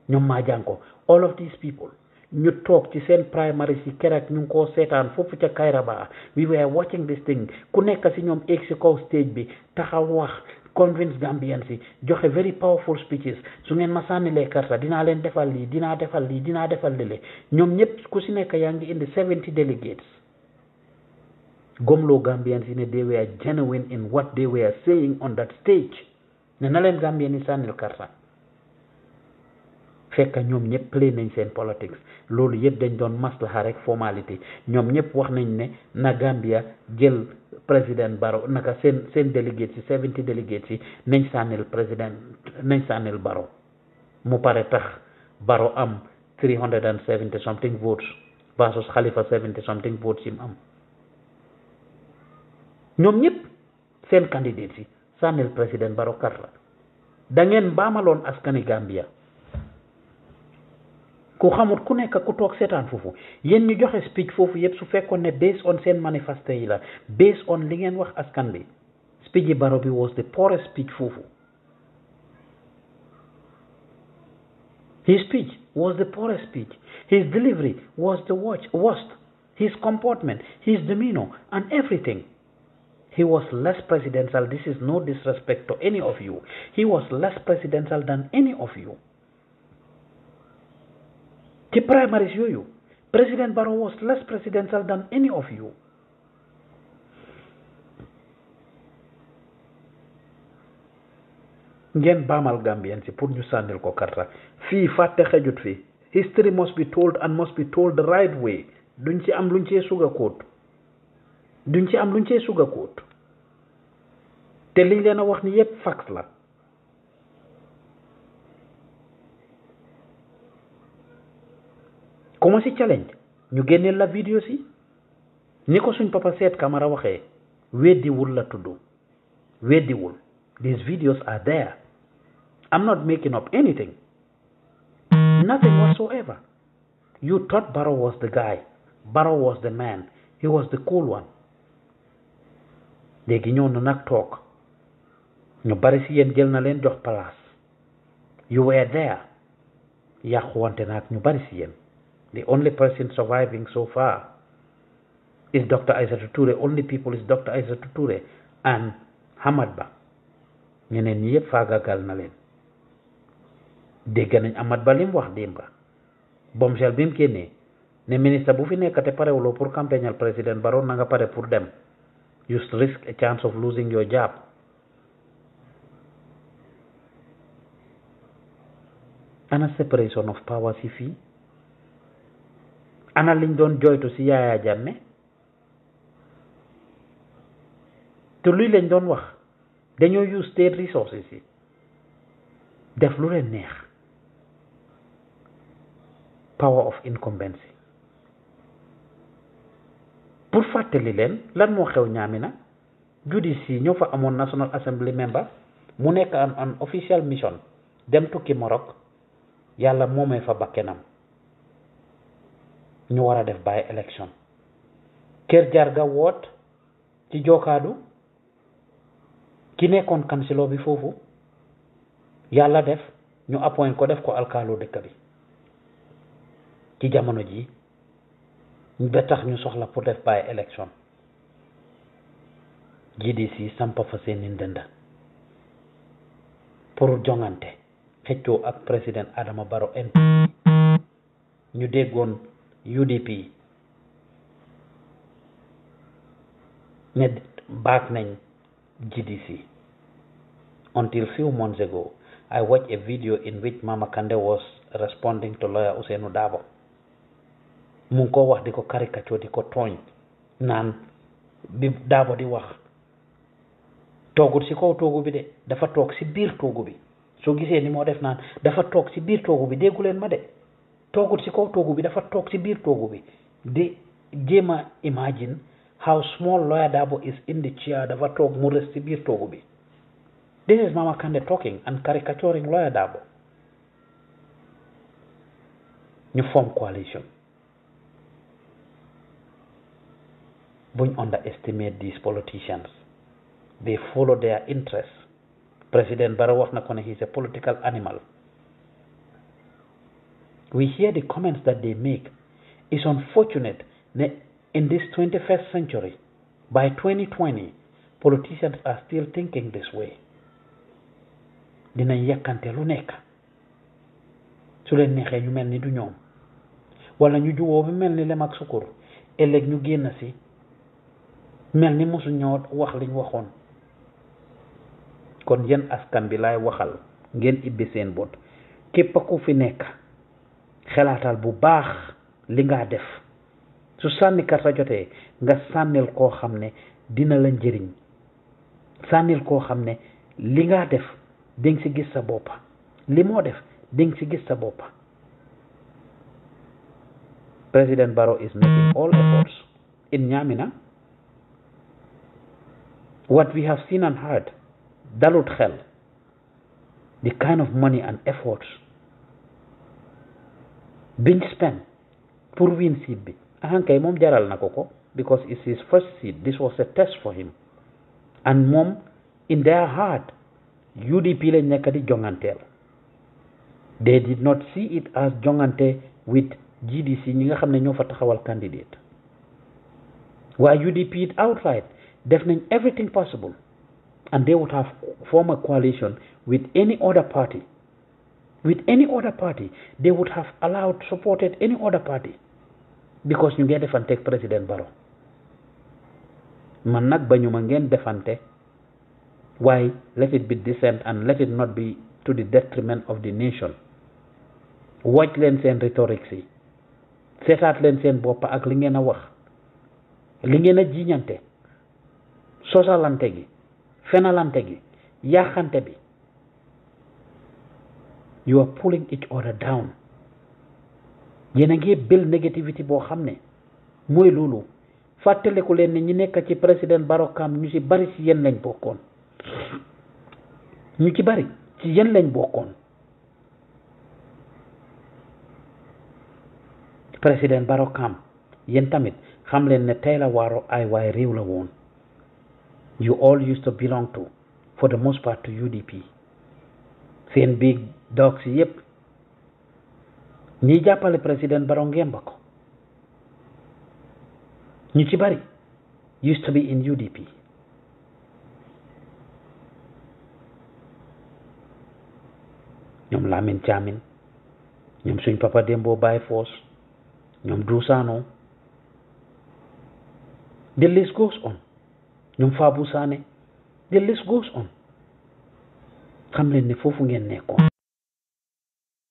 ñoom jànko all of these people ñu toog ci seen primary yi keroog ñu and koo Kairaba we were watching this thing ku nekk si ñoom egg si stage bi taxaw wax convince Gambians yi joxe very powerful speeches su ngeen ma sànnilee karta dinaa leen defal lii dinaa defal lii dinaa defal ku nekk ngi indi seventy delegates gomloo Gambians yi ne they were genuine in what they were saying on that stage ne na leen Gambians fekk ñoom ñëpp play nañ seen politics loolu yëpp dañ doon maslaxa rek formalité ñoom ñëpp wax nañ ne na Gambia jël président baro naka seen seen délégué ci seventy délégué ci nañ sànnil président nañ sànnil baro mu pare tax baro am three hundred and seventy something votes versus Khalifa seventy something votes yi mu am ñoom ñëpp seen candidate yi sànnil président baro kat la da ngeen mbaamaloon askani Gambia ku xamul ku nekk ku toog seetaan foofu yéen ñu joxe speech foofu yépp su fekkoon ne based on seen manifeste yi la based on li ngeen wax askan bi speech yi baro bi was the poorest speech foofu his speech was the poorest speech his delivery was the worst his comportment his demeanor and everything he was less presidential this is no disrespect to any of you he was less presidential than any of you The primaries yoyu President Barrow was less presidential than any of you. ngeen bamal Gambien ci pour ñu sànnil ko karta fii fàtte xejut fi history must be told and must be told the right way duñ ci am luñ ci suga kóot duñ ci am luñ ci suga kóot te liñ leena wax ni yépp fax la ma si challenge ñu génneel la vidéo si ni ko suñ papa seet Camara waxee weddiwul la tudd weddiwul these videos are there I'm not making up anything nothing whatsoever you thought Barrow was the guy Barrow was the man he was the cool one léegi ñëw na nag toog ñu bari si yéen jël na leen jox place you were there yàquwante naag ñu bari si yéen The only person surviving so far is Dr. Isa Tuture. Only people is Dr. Isa Tuture and Hamad Ba. faga gal faga gal na leen dégg nañ Ba lim wax démba Bom bi bim génnee ne ministre bu fi nekk te parewuloo pour campagnal président Barrow na nga pare pour dem just risk a chance of losing your job ana separation of power see, ana liñ doon joytu ci Yaya Jammeh te luy lañ doon wax dañoo use state resources yi def lu leen neex power of incumbency pour fàttali leen lan moo xew na judice si ñoo fa amoon National Assembly member mu nekk am an official mission dem tukki Maroc yàlla moomee fa bakkenam ñu wara def by election Kër ga wot ci jokadu ki kan kansilo bi fofu yalla def ñu appoint ko def ko alkalo dëkk bi ci jamono ji ba tax ñu soxla pour def by election GDC sampa fa seen ndenda pour jongante xëccoo ak president Adama Barrow MP ñu déggone UDP ne back nañ GDC. Until few months ago, I watched a video in which Mama was responding to lawyer Usainu Dabo. mu ngi ko wax di ko caricature di ko tooñ naan bi daabo di wax toogul si kaw toogu bi de dafa toog si biir toogu bi soo gisee ni moo def naan dafa toog si biir toogu bi déggu leen ma de Togu ci kaw Togu bi dafa tok ci bir Togu bi di jema imagine how small lawyer Dabo is in the chair dafa tok mu si ci biir togu bi this is Mama Kande talking and caricaturing lawyer Dabo ñu form coalition buñ underestimate these politicians they follow their interests president Barrow wax na ko ne he's a political animal we hear the comments that they make. It's unfortunate that in this 21st century, by 2020, politicians are still thinking this way. si kon yéen askan bi waxal ngeen ibbi seen bot képp ku fi nekk xelaatal bu baax li ngaa def su sànni karta jotee nga sànnil koo xam ne dina la njëriñ sànnil koo xam ne li ngaa def ding si gis sa boppa li moo def ding si gis sa boppa President Barrow is making all efforts in Nyamina what we have seen and heard dalut xel the kind of money and efforts Bingspan pour win seed bi ahan kay jaral na ko because it's his first seed this was a test for him and mom, in their heart UDP lañ nekk di they did not see it as jongante with GDC ñi nga xam ñoo fa taxawal candidate waaye UDP it outright def nañ everything possible and they would have formed a coalition with any other party with any other party they would have allowed supported any other party because ñu ngeen defante ak président Barrow man nag ba ñu ma ngeen defante waaye let it be decent and let it not be to the detriment of the nation wàcc leen seen rhétorique yi seetaat leen seen bopp ak li ngeen a wax li ngeen a jiiñante sosalante gi fenalante gi yaaxante bi you are pulling each other down yéen a ngi build négativité boo xam ne mooy loolu fàttaliku leen ni ñi nekk ci président Barrow camp ñu ci bari ci yéen lañ bokkoon ñu ci bari ci yéen lañ bokkoon président Barrow camp yéen tamit xam leen ne Taylor Warro ay waay réew la woon you all used to belong to for the most part to UDP seen big donc si yépp ñiy jàppale président Barrow ngemba ko ñu ci bari used to be in UDP ñoom Lamin Jammeh ñoom suñ papa Dembo Baye Force ñoom Duusaano the list goes on ñoom Faabu Saane the list on xam leen foofu ngeen nekkoon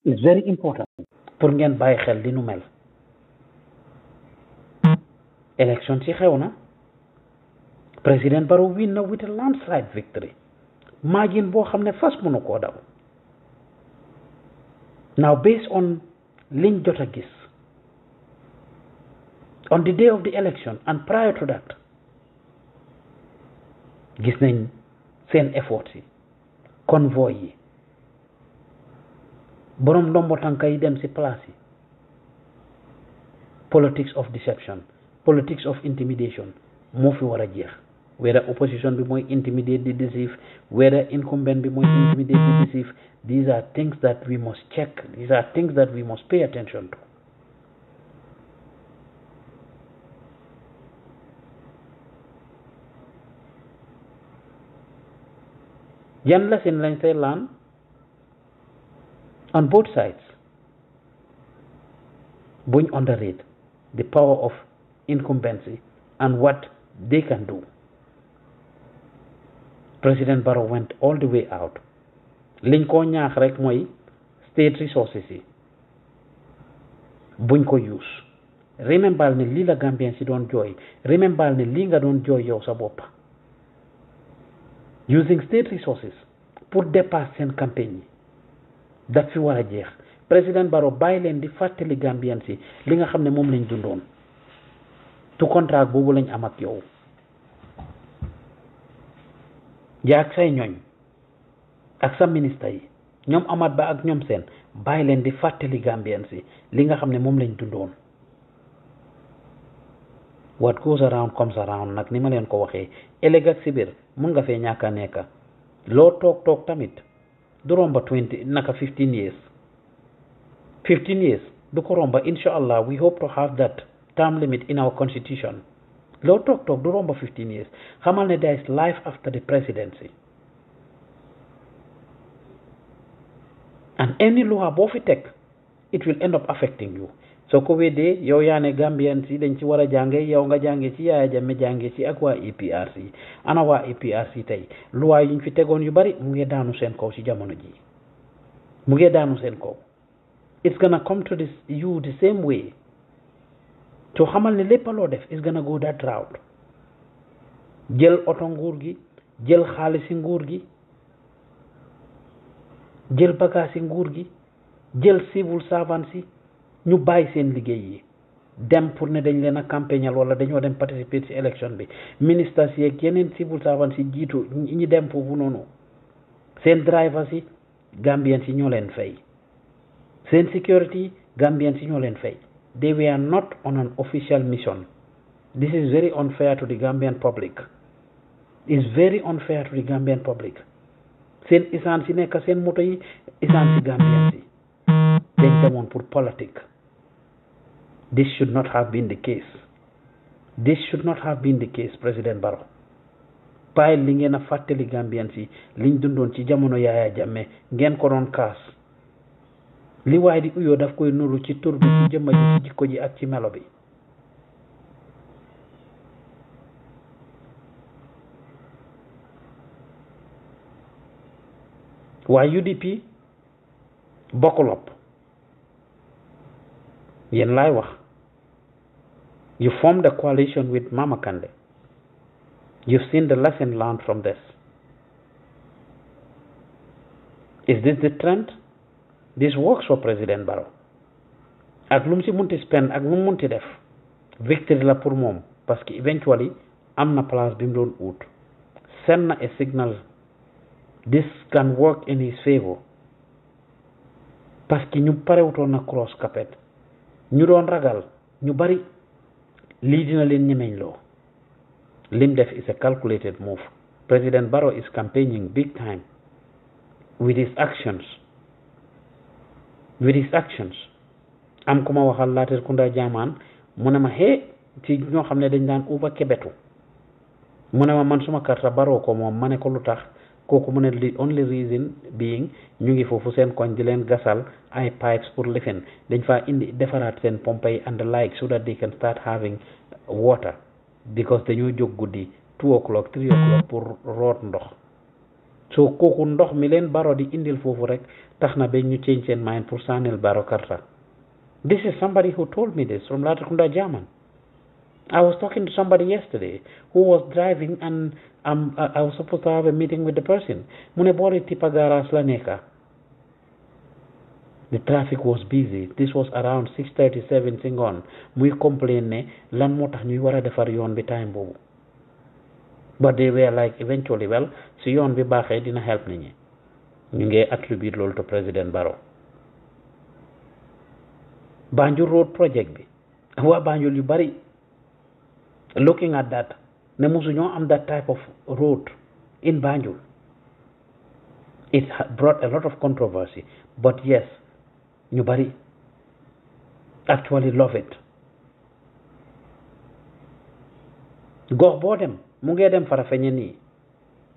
it's pour ngeen bàyyi xel li nu mel élection ci xew na président Barrow win na with a landslide victory margin boo xam ne fas mënu koo daw now based on liñ jot a gis on the day of the election and prior to that gis nañ seen effort yi convoy yi borom ndombo tànk yi dem ci place yi politics of deception politics of intimidation moo fi war a jeex whether opposition bi mooy intimidate di deceive whether incumbent bi mooy intimidate di deceive these are things that we must check these are things that we must pay attention to yan la lañ say laan on both sides. under it the power of incumbency and what they can do. President Barrow went all the way out liñ ko ñaax rek mooy state resources yi buñ ko use Remember ne lii la Gambien si doon jooy remembal ne lii nga doon jooy yow sa bopp using state resources pour dépasser seen campagne daf fi wara jeex president baro di Gambian si li nga xamne mom lañ dundon tu contrat bobu lañ am ak yow yaag say ñooñ ak sa ministre yi ñom amat ba ak ñom sen bàyyi leen di Gambian si li nga xamne mom lañ dundon what goes around comes around nak ni ma len ko waxe ëllëg sibir si nga fe ñaka neka lo tok tok tamit duromba 20 naka 15 years 15 years du inshallah we hope to have that term limit in our constitution low talk talk du 15 years xamal ne there is life after the presidency and any law boo it will end up affecting you soo ko weddee yow yaa ne Gambian si dañ ci war a jànge yow nga jànge ci Yaya Jammeh jànge ci ak waa APRC e ana waa APRC e tey luwaay ñu fi tegoon yu bari mu ngi daanu seen kaw ci jamono ji mu ngi daanu seen kaw it's gonna come to this you the same way soo xamal ne lépp loo def it's gonna go that route jël oto nguur gi jël xaalisi nguur gi jël bagaasi nguur gi jël civil servants yi ñu bàyyi seen liggéey yi dem pour ne dañ leen a campagnal wala dañoo dem participer ci élection bi ministre si yeeg yeneen civil servants si jiitu ñi dem foofu noonu seen driver si Gambien si ñoo leen fay seen security Gambien si ñoo leen fay they were not on an official mission this is very unfair to the Gambian public is very unfair to the Gambian public seen essence si nekk seen moto yi essence si Gambien si dañ demoon pour politique. This should not have been the case. This should not have been the case, President baro bàyyil li ngeena a gambian si liñ dundon ci jamono yaaya jamme ngeen ko don kaas li way di uyo daf koy nuru ci tour bi ci jëmma ji ci jikko ji ak ci melo bi wa UDP bokolop yen lay wax You formed a coalition with Mama Kande. You've seen the lesson learned from this. Is this the trend? This works for President Barrow. Aglum si munti spend aglum munti def victory la pour moom eventually am na place bi ut send na a signal this can work in his favor Paski que ñu parewutoon na cross carpet ñu ragal ñu bari lii dina leen ñemeñ loo lim def is a calculated move President Barrow is campaigning big time with his actions with his actions am ku ma waxal laatir kunda jaamaan mu ne ma xee ci ñoo xam ne dañ daan uba kebetu mu ne ma man suma karta Barrow ko moom ma ne ko lu tax kooku mu li only reason being ñu ngi foofu seen koñ di leen gasal ay pipes pour lifin dañ fa indi defaraat seen pompe and and like so that they can start having water because new jóg guddi two o'clock three o'clock pour o'clock. ndox so kooku ndox mi leen baro di indil foofu rek tax na ñu change seen mind pour baro this is somebody who told me this from Latrikunda German I was talking to somebody yesterday who was driving and um, uh, I was supposed to have a meeting with the person. Munebori Tipagara Slaneka. The traffic was busy. This was around 6.37 sing on. We complained lan motax ñuy wara defar yoon time But they were like eventually well si yoon bi baxé eh? dina help nit ñi. Ñu ngi attribute lool to President Barrow. Banjo Road project bi. Wa banjo yu bari looking at that ne musuñu am that type of road in Banjul it brought a lot of controversy but yes ñu bari actually love it gox boo dem mu ngee dem fara feñe nii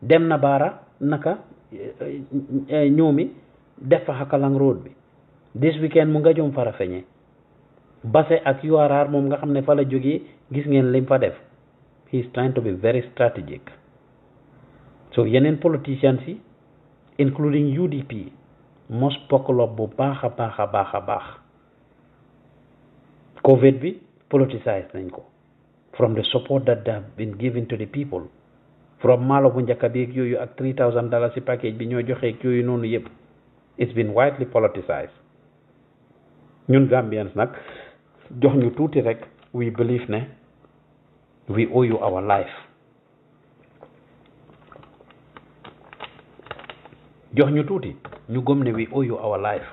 dem na baara naka eh, eh, ñoomi def fa hakalang road bi this weekend mu nga jom fara feñe base ak URR moom nga xam ne fa la jógee gis ngeen lim fa def he is trying to be very strategic so yeneen politicians yi including UDP mos pokkalo bu baax a baax a baax a baax COVID bi politicised nañ ko from the support that they have been given to the people from maalo bu njëkk bi ak yooyu ak 3000 dollars ci package bi ñoo joxee yooyu noonu yëpp it's been widely politicised ñun Gambians nag jox ñu tuuti rek. we believe, ne? We owe you our life. jox ñu tuuti ñu gëm ne we owe you our life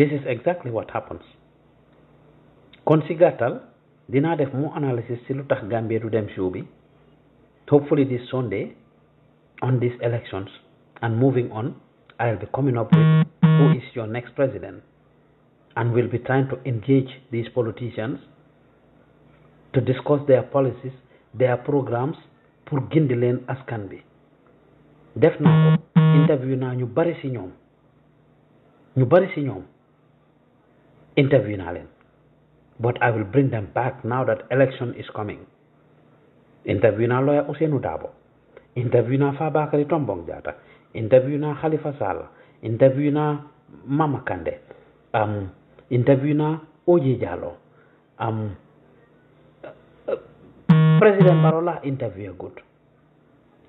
this is exactly what happens kon si gàttal dinaa def more analysis si lu tax Gambia du dem show bi hopefully this Sunday on these elections and moving on I'll be coming up with who is your next president and we'll be trying to engage these politicians to discuss their policies, their programmes pour gindi leen askan bi def naa ko interview naa ñu bari si ñoom ñu bari si ñoom interview naa leen but I will bring them back now that election is coming interview naa lawyer Ousseynou daabo interview naa Fabakary Tombong Jatta interview naa xalifa Sallah interview naa Mama Kandeh am interview naa Oje Jallow am President Barola interview good.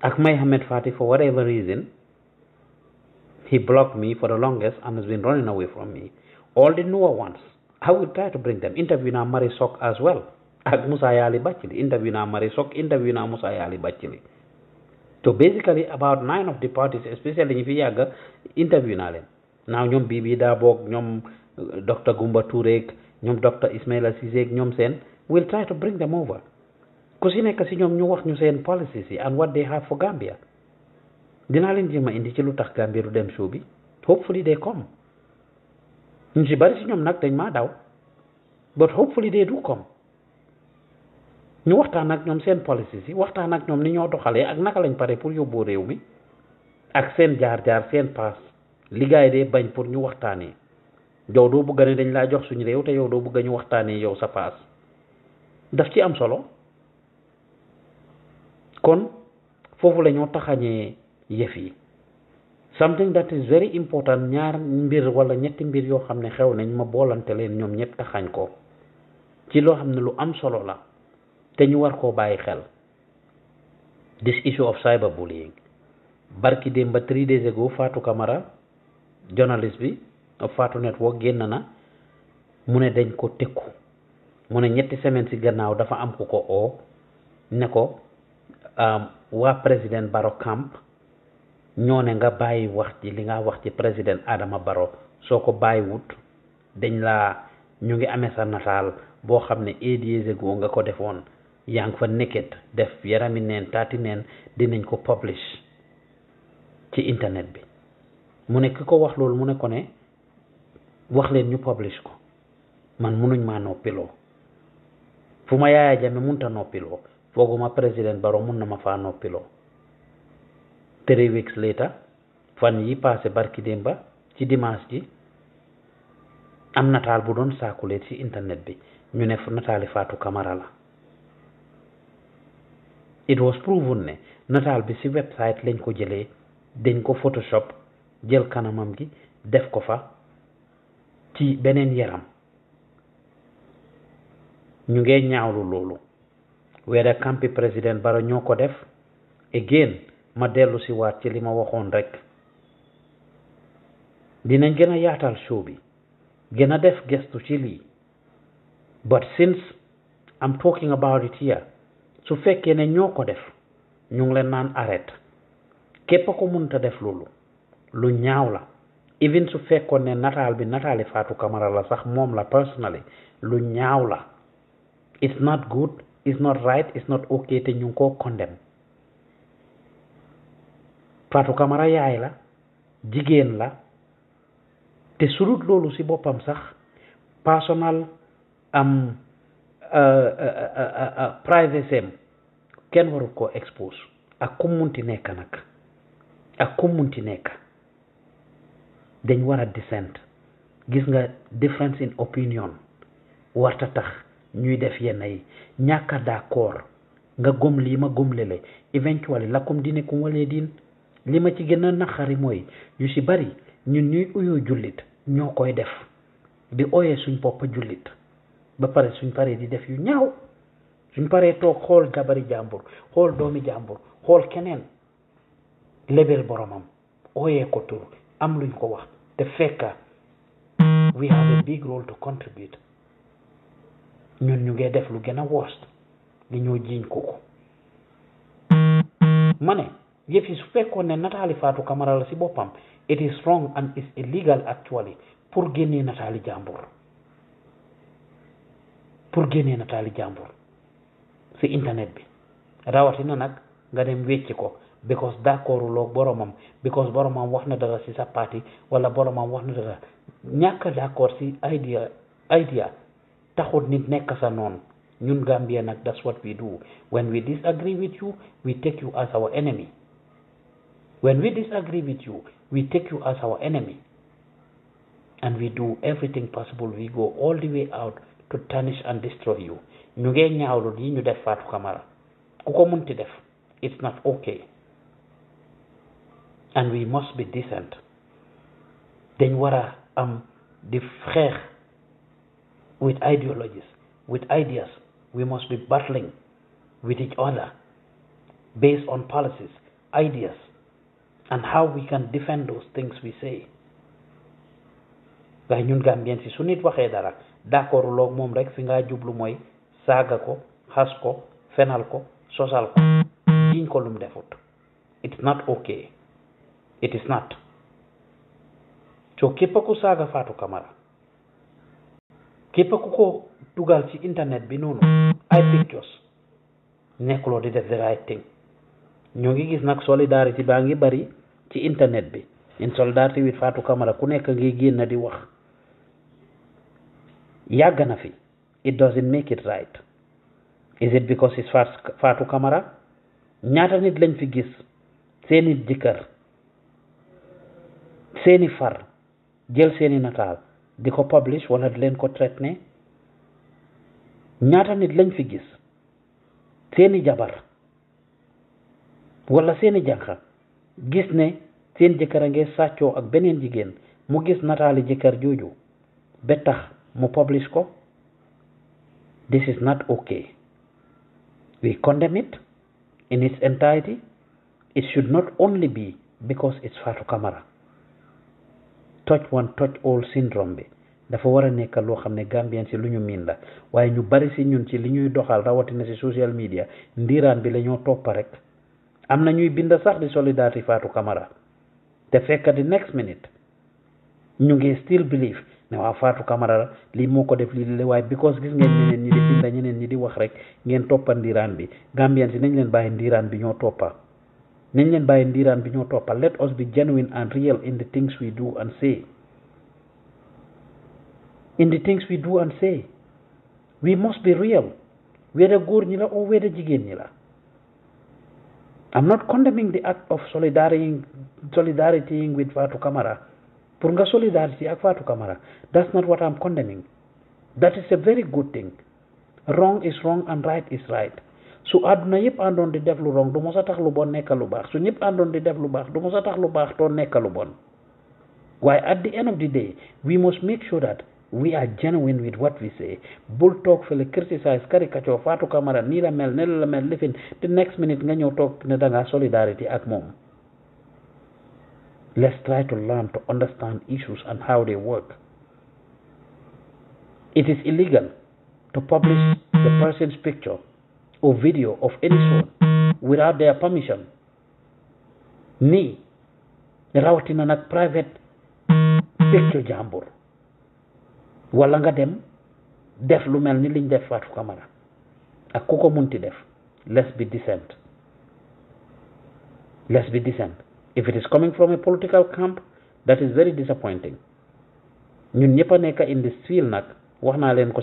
Akmay Hamed Fati, for whatever reason, he blocked me for the longest and has been running away from me. All the newer ones, I will try to bring them. Interview now Marisok as well. Ak Musa Yali Bachili. Interview now Marisok. Interview now Musa Yali Bachili. So basically, about nine of the parties, especially if you yaga, interview na Now ñom Bibi Dabok, ñom uh, Dr. Gumba Turek, ñom Dr. Ismail Sisek, ñom sen, we'll try to bring them over. ku si nekk si ñoom ñu wax ñu seen policies yi and what they have for Gambia dinaa leen jéem a indi ci lu Gambia du dem show bi hopefully they come ñu si bari si ñoom nag dañ maa daw but hopefully they do come ñu waxtaan ak ñoom seen policies yi waxtaan ak ñoom ni ñoo doxalee ak naka lañ pare pour yóbboo réew mi ak seen jaar-jaar seen paas liggéey dee bañ pour ñu waxtaanee yow doo bugg ne dañ laa jox suñu réew te yow doo bugg ñu waxtaanee yow sa pass daf ci am solo kon fofu lañu ñoo yef yi something that is very important ñaar mbir wala ñetti mbir yo xam ne xew nañ ma boolante leen ñom ñet taxañ ko ci lo xam lu am solo la te ñu war ko bayyi xel this issue of cyberbullying barki dem ba three days ago Fatou Camara journalist bi Fatou Network genn na mune dañ ko tëkku mune ñetti semaine ci gannaaw dafa am ko ko o. ne ko Euh, waa président Barrow camp ñoo ne nga bàyyi wax ci li nga wax ci président Adama Barrow soo ko bàyyiwut dañ laa ñu ngi ame sa nataal boo xam ne édiégoo nga ko defoon yaa ngi fa nekket def yarami neen taati neen dinañ ko publish ci internet bi mu ne ki ko wax loolu mu ne ko ne wax leen ñu publish ko man munuñ maa noppiloo fu ma Yaya Jammeh munta noppiloo fooguma président Barrow mun na ma faa noppiloo three weeks later fan yi passé barki démba ci dimaas ji am nataal bu doon saakuleet ci internet bi ñu ne nataali faatu kamara la it was proven ne nataal bi ci website lañ ko jëlee dañ ko photoshop jël kanamam gi def ko fa ci beneen yaram ñu ngee ñaawlu loolu whether campi président Barrow ñoo ko def again ma dellu si waat ci li ma waxoon rek dinañ gën a yaatal show bi gën a def gestu ci lii but since I'm talking about it here su fekkee ne ñoo ko def ñu ngi leen naan arrête képp ko mënta def loolu lu ñaaw la even su fekkoon ne nataal bi nataali Fatou Camara la sax moom la personally lu ñaaw la it's not good Is not right is not okay te ñu ko condemn Fatou kamara yaay la jigen la te surut lolu ci bopam sax personal am euh, euh, euh, privacy am kenn warut expose ak ku munti nek nak ak ku munti nek dañ wara a dissent gis nga difference in opinion warta tax ñuy def yenn yi ñàkk a d'accord nga gom lii ma gom lele eventually lakum dinukum waliya diin li ma ci gën a naqari mooy yu si bari ñun ñuy uyoo jullit ñoo koy def di ooyee suñ bopp jullit ba pare suñ paree di def yu ñaaw suñ paree toog xool gabari jàmbur xool doomi jàmbur xool keneen lebel boromam ooyee ko tur am luñ ko wax te fekka we have a big role to contribute ñun ñu ngay def lu gën a worst li ñoo jiñ ko ko ma ne yëf yi su fekkoon ne nataali kamara la si boppam it is wrong and is illegal actually pour génnee nataali jàmbur pour génnee nataali jàmbur si internet bi rawatina nag nga dem wécci ko because d'accordu loog boromam because boromam wax na dara si sa parti wala boromam wax na dara ñàkk d'accord si idea idea taxut Gambia that's what we do when we disagree with you we take you as our enemy when we disagree with you we take you as our enemy and we do everything possible we go all the way out to tarnish and destroy you ñu ngee ñaawlu lii def Fatou munti def it's not okay and we must be decent dañ war a am with ideologies, with ideas. We must be battling with each other based on policies, ideas, and how we can defend those things we say. waaye ñun Gambien si su nit dara d'accord loog mom rek fi ngaa jublu mooy saga ko xas ko fenal ko sosal ko jiñ ko lum defut it's not okay it is not so képp ku saaga Fatou Camara képp ku ko dugal ci internet bi noonu ay pictures nekkuloo di def the right ñoo ngi gis nag solidarité baa ngi bari ci internet bi in with Fatou Camara ku nekk ngi génn di wax yàgg na fi it doesn't make it right is it because it's Fatou Camara ñaata nit lañ fi gis seeni jëkkër seeni far jël seeni nataal diko publish wala leen ko traité ñaata nit lañ fi gis seeni jabar wala seeni jànqa gis ne seen jëkkër a ngee sàccoo ak beneen jigéen mu gis nataali jëkkër jooju ba tax mu publish ko this is not okay we condemn it in its entirety it should not only be because it's Fatou Camara touch one touch all syndrome bi dafa war a nekk loo xam ne Gambien si lu ñu miin la waaye ñu bari si ñun ci li ñuy doxal rawatina si social media ndiiraan bi la ñoo toppa rek am na ñuy bind sax di solidarité Fatou Camara te fekk di next minute ñu ngi still believe ne waa Fatou Camara lii moo ko def lii waaye because gis ngeen ñeneen ñi di bind ñeneen ñi di wax rek ngeen toppa ndiiraan bi Gambien si nañ leen bàyyi ndiiraan bi ñoo toppa nañ leen bàyyi ndiiraan bi let us be genuine and real in the things we do and say in the things we do and say we must be real whether góor ñi la or whether jigéen ñi la I'm not condemning the act of solidarity solidarity with Fatu Kamara pour nga solidarity ak Fatu Kamara that's not what I'm condemning that is a very good thing wrong is wrong and right is right su àdduna yëpp àndoon di def lu rong du mos a tax lu bon nekk lu baax su ñëpp àndoon di def lu baax du mos a tax lu baax doon nekk lu bon waaye at the end of the day we must make sure that we are genuine with what we say bul toog fële criticize caricature Fatou Camara nii la mel ne la mel lifin the next minute nga ñëw toog ne da ngaa solidarity ak moom let's try to learn to understand issues and how they work it is illegal to publish the person's picture or video of any sort without their permission. Ni rawatina a private picture jambor. wala nga dem def lu ni liñ def Fatou kamara. ak munti def let's be decent let's be decent if it is coming from a political camp that is very disappointing ñun ñëpp nekk in this field nak, wax len ko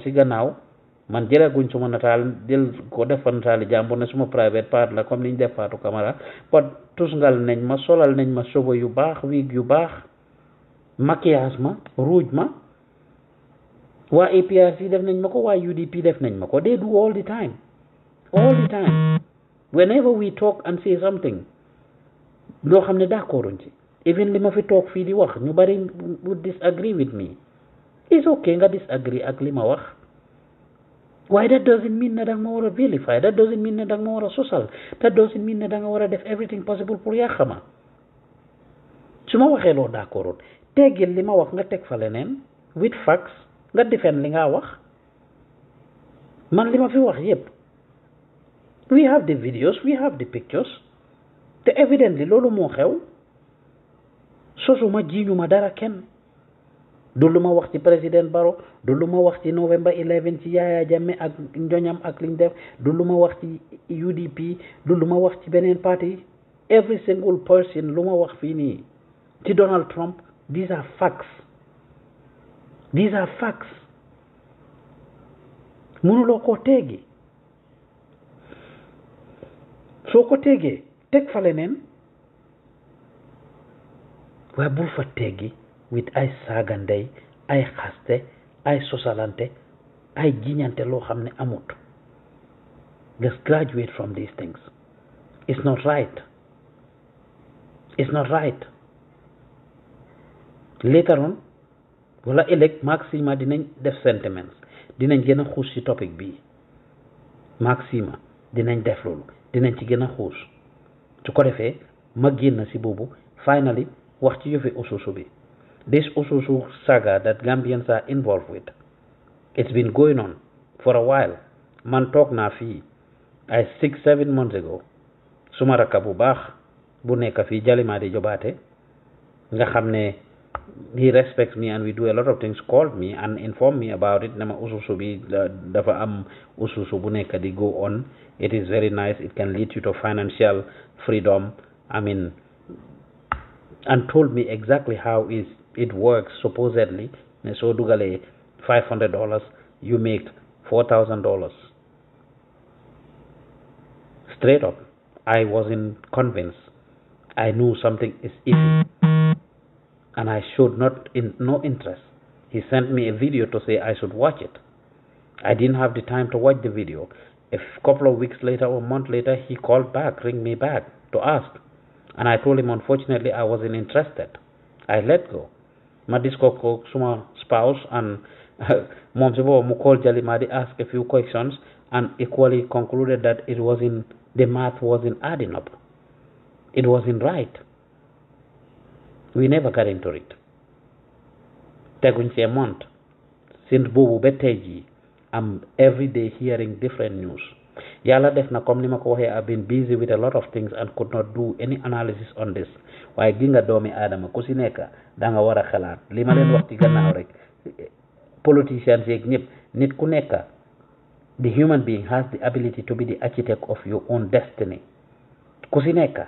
man jëlaguñ suma nataal jël ko def fa nataali jàmbur ne suma private part la comme niñ def Fatou Camara pot tusngal nañ ma solal nañ ma sobo yu baax wig yu baax maquillage ma rouge ma waa APRC def nañ ma ko waa UDP def nañ ma ko they do all the time all the time whenever we talk and say something loo xam ne d'accorduñ ci even li ma fi toog fii di wax ñu bari disagree with me it's okay nga disagree ak li ma wax waaye that doesn't mean ne da nga ma war a vilify that doesn't mean ne da ma war a sosal that doesn't mean ne danga war a def everything possible pour yàq ma su ma waxee loo d'accord teggil li ma wax nga teg fa leneen with facts nga defend li ngaa wax man li ma fi wax yépp we have the videos we have the pictures te evidently loolu moo xew sosuma jiiñu ma dara kenn Dulu ma wax ci president Baro dulu ma wax ci November 11 ci Yaya jamme ak njoñam ak liñ def dulu ma wax ci UDP dulu ma wax ci benen parti every single person luma wax fi ni ci Donald Trump these are facts these are facts lo ko tege so ko tege tek fa lenen wa bu fa tege with ay saaga ndey ay xaste ay sosalante ay jiñante lo xamne amut let's graduate from these things it's not right it's not right later on wala elek maxima dinañ def sentiments dinañ gëna a ci topic bi maxima dinañ def lool dinañ ci gëna a xuus su ko defé ma génn si boobu finally wax ci yëfi ososo bi this Ususu saga that Gambians are involved with. It's been going on for a while. Man talk na fii ay six seven months ago suma rakka bu baax bu nekk fii di jobate. nga he respects me and we do a lot of things called me and informed me about it Namu ususu bi dafa am ususu bu nekk di go on it is very nice it can lead you to financial freedom I mean and told me exactly how is it works supposedly so dugale $500 you make $4000 straight up i wasn't convinced i knew something is easy and i showed not in no interest he sent me a video to say i should watch it i didn't have the time to watch the video a couple of weeks later or a month later he called back ring me back to ask and i told him unfortunately i wasn't interested i let go Madis Koko Suma spouse and Momsibo Jali. Jalimadi asked a few questions and equally concluded that it wasn't the math wasn't adding up. It wasn't right. We never got into it. Taking a month since Bobo Beteji, I'm every day hearing different news. yàlla def na comme ni ma ko waxee I've been busy with a lot of things and could not do any analysis on this waaye gi nga doomi aadama ku si nekk danga nga war a xalaat li ma leen wax ci gannaaw rek politicians yeeg ñëpp nit ku nekk the human being has the ability to be the architect of your own destiny ku si nekk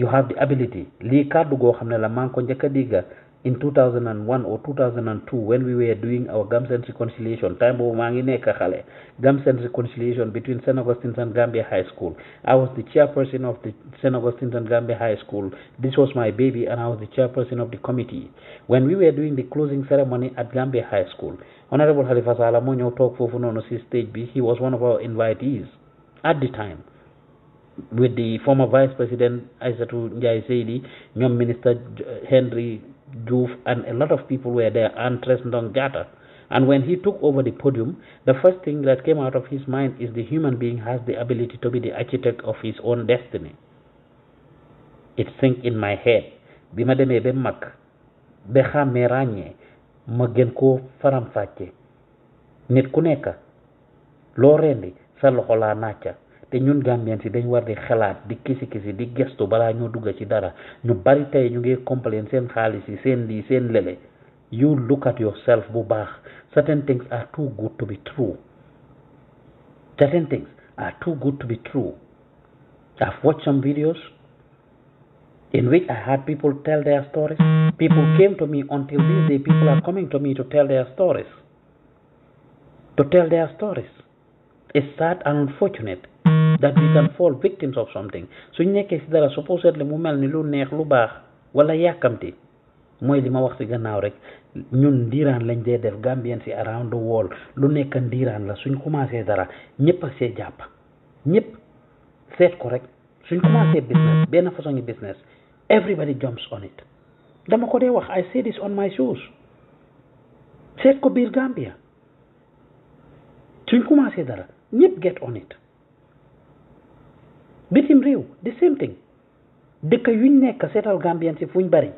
you have the ability lii kàddu goo xam ne la maa ko njëkk a digga in 2001 or 2002 when we were doing our Gambs and Reconciliation, time bobu mangi nek xalé, and Reconciliation between St. Augustine's and Gambia High School. I was the chairperson of the St. Augustine's and Gambia High School. This was my baby and I was the chairperson of the committee. When we were doing the closing ceremony at Gambia High School, Honorable Halifa Sala mo ñew tok fofu stage B. he was one of our invitees at the time with the former vice president Aissatou Ndiaye Seydi, ñom minister Henry and a lot of people were there, Andres Ndongata. And when he took over the podium, the first thing that came out of his mind is the human being has the ability to be the architect of his own destiny. It sink in my head. bi ma demee ba mag ba xàmmee ràññee ma gën faram-fàcce nit ku nekk sa te ñun gambien dañ war di xalaat di kisi kisi di gestu ci dara ñu bari ñu ngi complain yi lele you look at yourself bu baax certain things are too good to be true certain things are too good to be true I've watched some videos in which I had people tell their stories. People came to me until these days, people are coming to me to tell their stories. To tell their stories. It's sad and unfortunate that we can fall victims of something suñ nekkee si dara supposedly mu melni lu neex lu baax wala yakamti moy li ma wax si gannaaw rek ñun diiran lañ dé def gambien si around the world lu nekk diiran la suñ commencé dara ñepp ak sé japp ñepp Set ko rek suñ commencé business ben façon ngi business everybody jumps on it dama ko dé wax I say this on my shoes. Set ko bir Gambia suñ commencé dara ñepp get on it bitim réew the same thing dëkk yuñ nekk seetal Gambian, si fuñ bari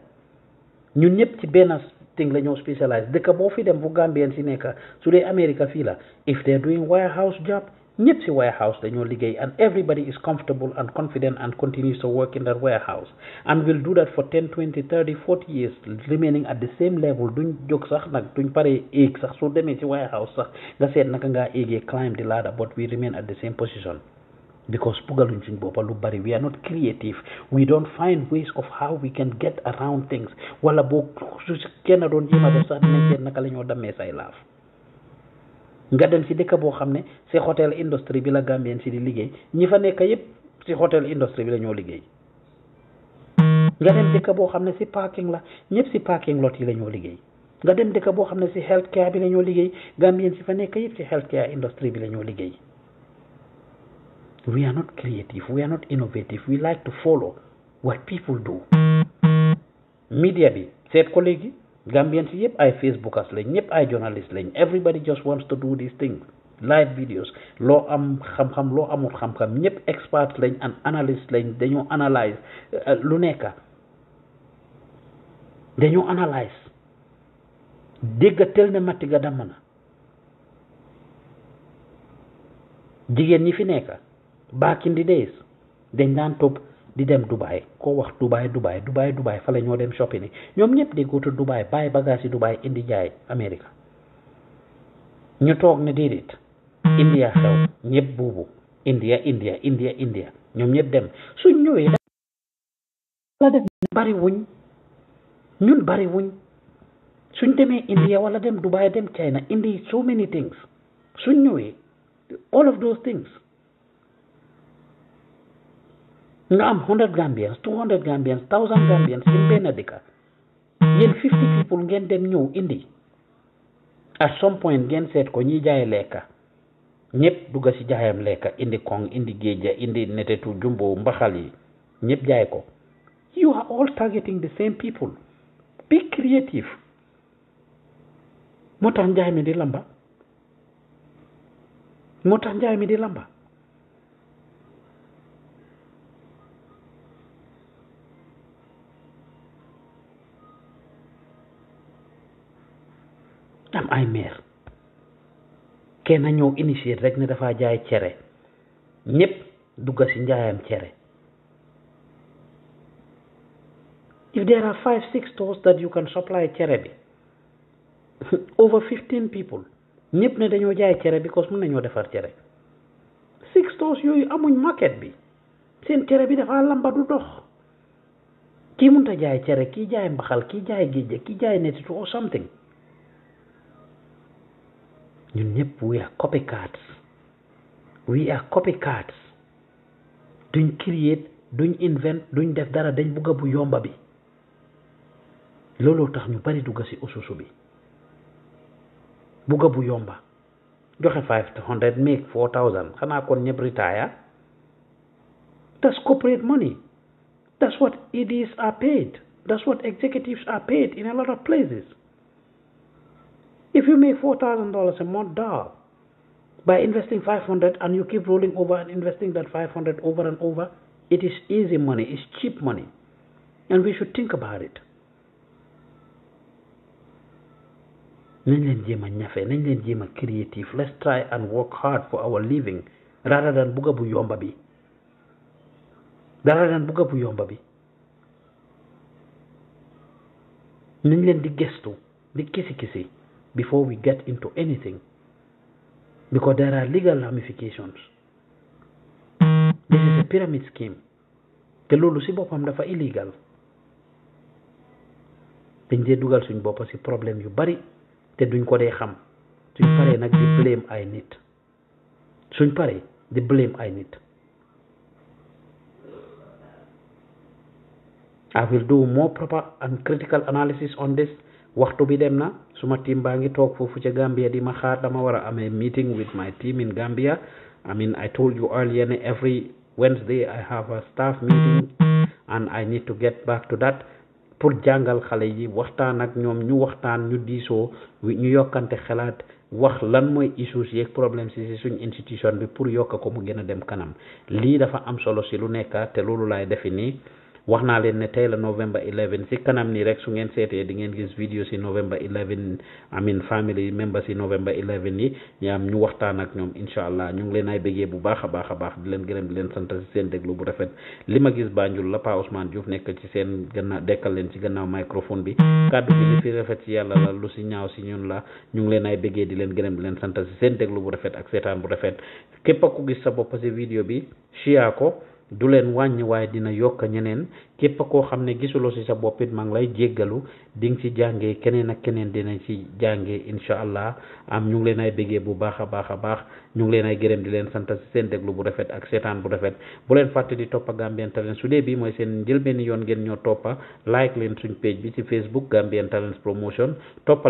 ñun ñëpp ci benn thing la ñoo spécialise dëkk boo fi dem fu Gambien si nekk su dee America fii la if they're doing warehouse job ñëpp si warehouse dañoo liggéey and everybody is comfortable and confident and continues to work in that warehouse and will do that for 10 20 30 40 years remaining at the same level duñ jóg sax nag duñ paree éeg sax soo demee si warehouse sax nga seet naka ngaa éegee climb the ladder but we remain at the same position because pugaluñ suñ boppa lu bari we are not creative we don't find ways of how we can get around things wala boo su kenn doon jéem a def sax dinañ seet naka la ñoo demee say laaf nga dem si dëkk boo xam ne si hotel industry bi la Gambien si di liggéey ñi fa nekk yépp si hotel industry bi lañoo liggéey nga dem dëkk boo xam ne si parking la ñëpp si parking lot yi la ñoo liggéey nga dem dëkk boo xam ne si health care bi la ñoo liggéey Gambien si fa nekk yëpp si health care industry bi la ñoo liggéey we are not creative, we are not innovative, we like to follow what people do. media bi seet ko léegi Gambians si yëpp ay Facebookers lañ ñëpp ay journalist lañ everybody just wants to do these things live videos loo am xam-xam loo amul xam-xam ñëpp experts lañ and analyst lañ dañoo analyse euh, lu nekk dañoo analyse dégga tel ne matti ga damm na jigéen ñi fi nekk back in the days dañ daan top, di dem Dubai koo wax Dubai Dubai Dubai Dubai fa la ñoo dem shopping ñoom ñëpp di guutu Dubai bàyyi bagage yi Dubai indi jaay Amérique ñu toog ne déedéet mm-hmm. India xew ñëpp buubu India India India India ñoom ñëpp dem suñ ñëwee la def bari wuñ ñun bari wuñ suñ demee India wala dem Dubai dem China indi so many things suñ ñëwee all of those things nga am 100 Gambians 200 Gambians 1000 Gambians ci benn dëkk yéen 50 people ngeen dem ñëw indi at some point ngeen seet ko ñi jaay lekka ñëpp dugga ci jaayam lekka indi kong indi géeja indi netetu jumbo mbaxal yi ñëpp jaay ko you are all targeting the same people be creative moo tax njaay mi di lamba moo tax njaay mi di lamba am ay maire kenn ñëw initier rek ne dafa jaay cere ñëpp dugga ci njaayam cere if there are five six stores that you can supply cere bi over fifteen people ñëpp ne dañoo jaay cere because mën nañoo defar cere six stores yooyu amuñ market bi seen cere bi dafa lamba du dox kii mënta jaay cere kii jaay mbaxal kii jaay géej kii jaay netitu or something ñun ñëpp we are copycats we are copycats duñ create duñ invent duñ def dara dañ bugga bu yomba bi looloo tax ñu bari dugga si ususu bi bugga bu yomba joxe 500 make 4000 xana kon ñëpp retire that's corporate money that's what eds are paid that's what executives are paid in a lot of places If you make $4,000 a month down by investing 500 and you keep rolling over and investing that 500 over and over, it is easy money, it's cheap money. And we should think about it. creative. Let's try and work hard for our living rather than bugabu yombabi. Rather than bugabu yombabi. nañ leen di gestu di kisi kisi before we get into anything because there are legal ramifications this is pyramid scheme te loolu si boppam dafa illegal dañ dee dugal suñ bopp si problème yu bari te duñ ko dee xam suñ paree nag di blame ay nit suñ paree di blame ay nit I will do more proper and critical analysis on this waxtu bi dem na suma team baa ngi toog gambia di ma xaar dama war a meeting with my team in gambia i mean i told you earlier every wednesday i have a staff meeting and i need to get back to that pour jangal xalé yi waxtaan ak ñom ñu waxtaan ñu diso ñu yokante xalaat wax lan moy issues yeeg problème si ci suñu institution bi pour yokk ko mu gëna dem kanam li dafa am solo ci lu nekk te lolu lay defi wax naa leen ne tey la november 11 si kanam nii rek su ngeen seetee di ngeen gis vidéo si november 11 amin family member si november 11 yi ñaam ñu waxtaan ak ñoom incha allah ñu ngi leen ay bëggee bu baax a baax a baax di leen gërëm di leen sant si seen déglu bu rafet li ma gis Banjul la Pa Ousmane Diouf nekk ci seen gannaaw dekkal leen ci gannaaw microphone bi kàddu gi li fi rafet si yàlla la lu si ñaaw si ñun la ñu ngi leen ay bëggee di leen di leen sant si seen déglu bu rafet ak seetaan bi chia du leen wàññi waaye dina yokk a ñeneen képp koo xam ne gisuloo si sa boppit maa ngi lay jéggalu di nga si jàngee keneen ak keneen dinañ si jàngee incha allah am ñu ngi leen ay béggee bu baax a baax a baax ñu ngi leen ay gërëm di leen sant si seen déglu bu rafet ak seetaan bu rafet bu leen fàtte di toppa gambien talent su dee bi mooy seen njëlbeen yoon ngeen ñoo toppa like leen suñ page bi si Facebook gambien Talents Promotion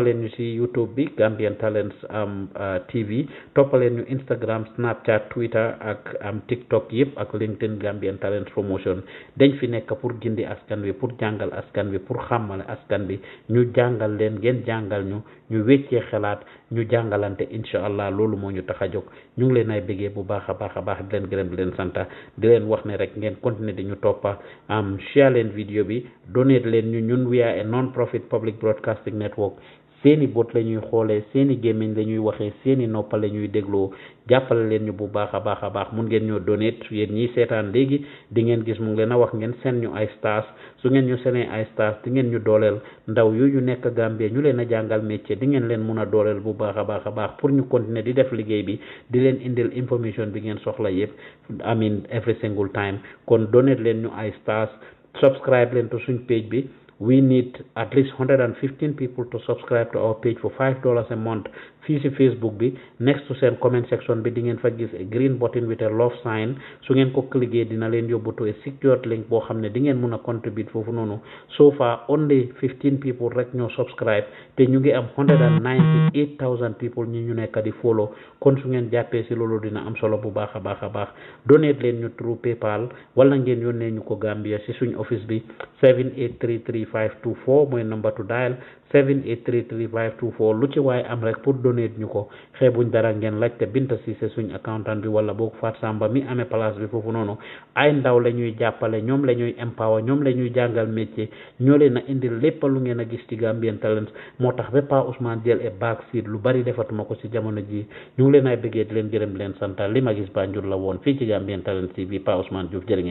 leen ñu si YouTube bi gambien Talents am TV leen ñu Instagram Snapchat Twitter ak am TikTok yépp ak LinkedIn gambien Talents Promotion dañ fi nekk pour gindi askan bi pour jàngal askan bi pour xàmmale askan bi ñu jàngal leen ngeen jàngal ñu ñu weccee xalaat ñu jàngalante incha allah loolu moo ñu tax a jóg ñu ngi leen ay bëggee bu baax a baax a baax di leen gërëm bi leen santa di leen wax ne rek ngeen continuer di ñu toppa am share leen vidéo bi donate leen ñu ñun we are a non profit public broadcasting network seeni bët la ñuy xoolee seeni gémmiñ la ñuy waxee seeni noppa la ñuy dégloo jàppale leen ñu bu baax a baax a baax mun ngeen ñoo donate yéen ñiy seetaan léegi di ngeen gis mu ngi a wax ngeen seen ñu ay stars su ngeen ñu senee ay stars di ngeen ñu dooleel ndaw yu ñu nekk Gambie ñu leen a jàngal métier di ngeen leen mun a dooleel bu baax a baax a baax pour ñu continuer di def liggéey bi di leen indil information bi ngeen soxla yëpp I mean every single time kon donate ñu ay stars subscribe leen to bi we need at least 115 people to subscribe to our page for $5 a month fii si Facebook bi next seen comment section bi di ngeen fa gis green button with a love sign su ngeen ko cliquer dina leen yóbbu to a link boo xam ne di ngeen mun a contribute foofu noonu so far only fifteen people rek ñoo subscribe te ñu ngi am hundred and ninety eight thousand people ñi ñu nekk di follow kon su ngeen jàppee si loolu dina am solo bu baax a baax a baax donate leen ñu through PayPal wala ngeen yónnee ñu ko Gambia si suñ office bi seven eight three three five two four mooy number to dial 7833524 lu ci waaye am rek pour donner ñu ko xeebuñ dara ngeen laajte Binta Cissé suñ accountant bi wala boog Fat Samba mi amee place bi foofu noonu ay ndaw la ñuy jàppale ñoom la ñuy empower ñoom la ñuy jàngal métier ñoo leen a indil lépp lu ngeen a gis ci Gambian Talents moo tax ba Pa Ousmane jël e back seat lu bari defatuma ko ci jamono ji ñu ngi leen ay bëggee di leen gërëm leen santal li ma gis Banjul la woon fii ci Gambian Talents TV Pa Ousmane Diouf jërë ngeen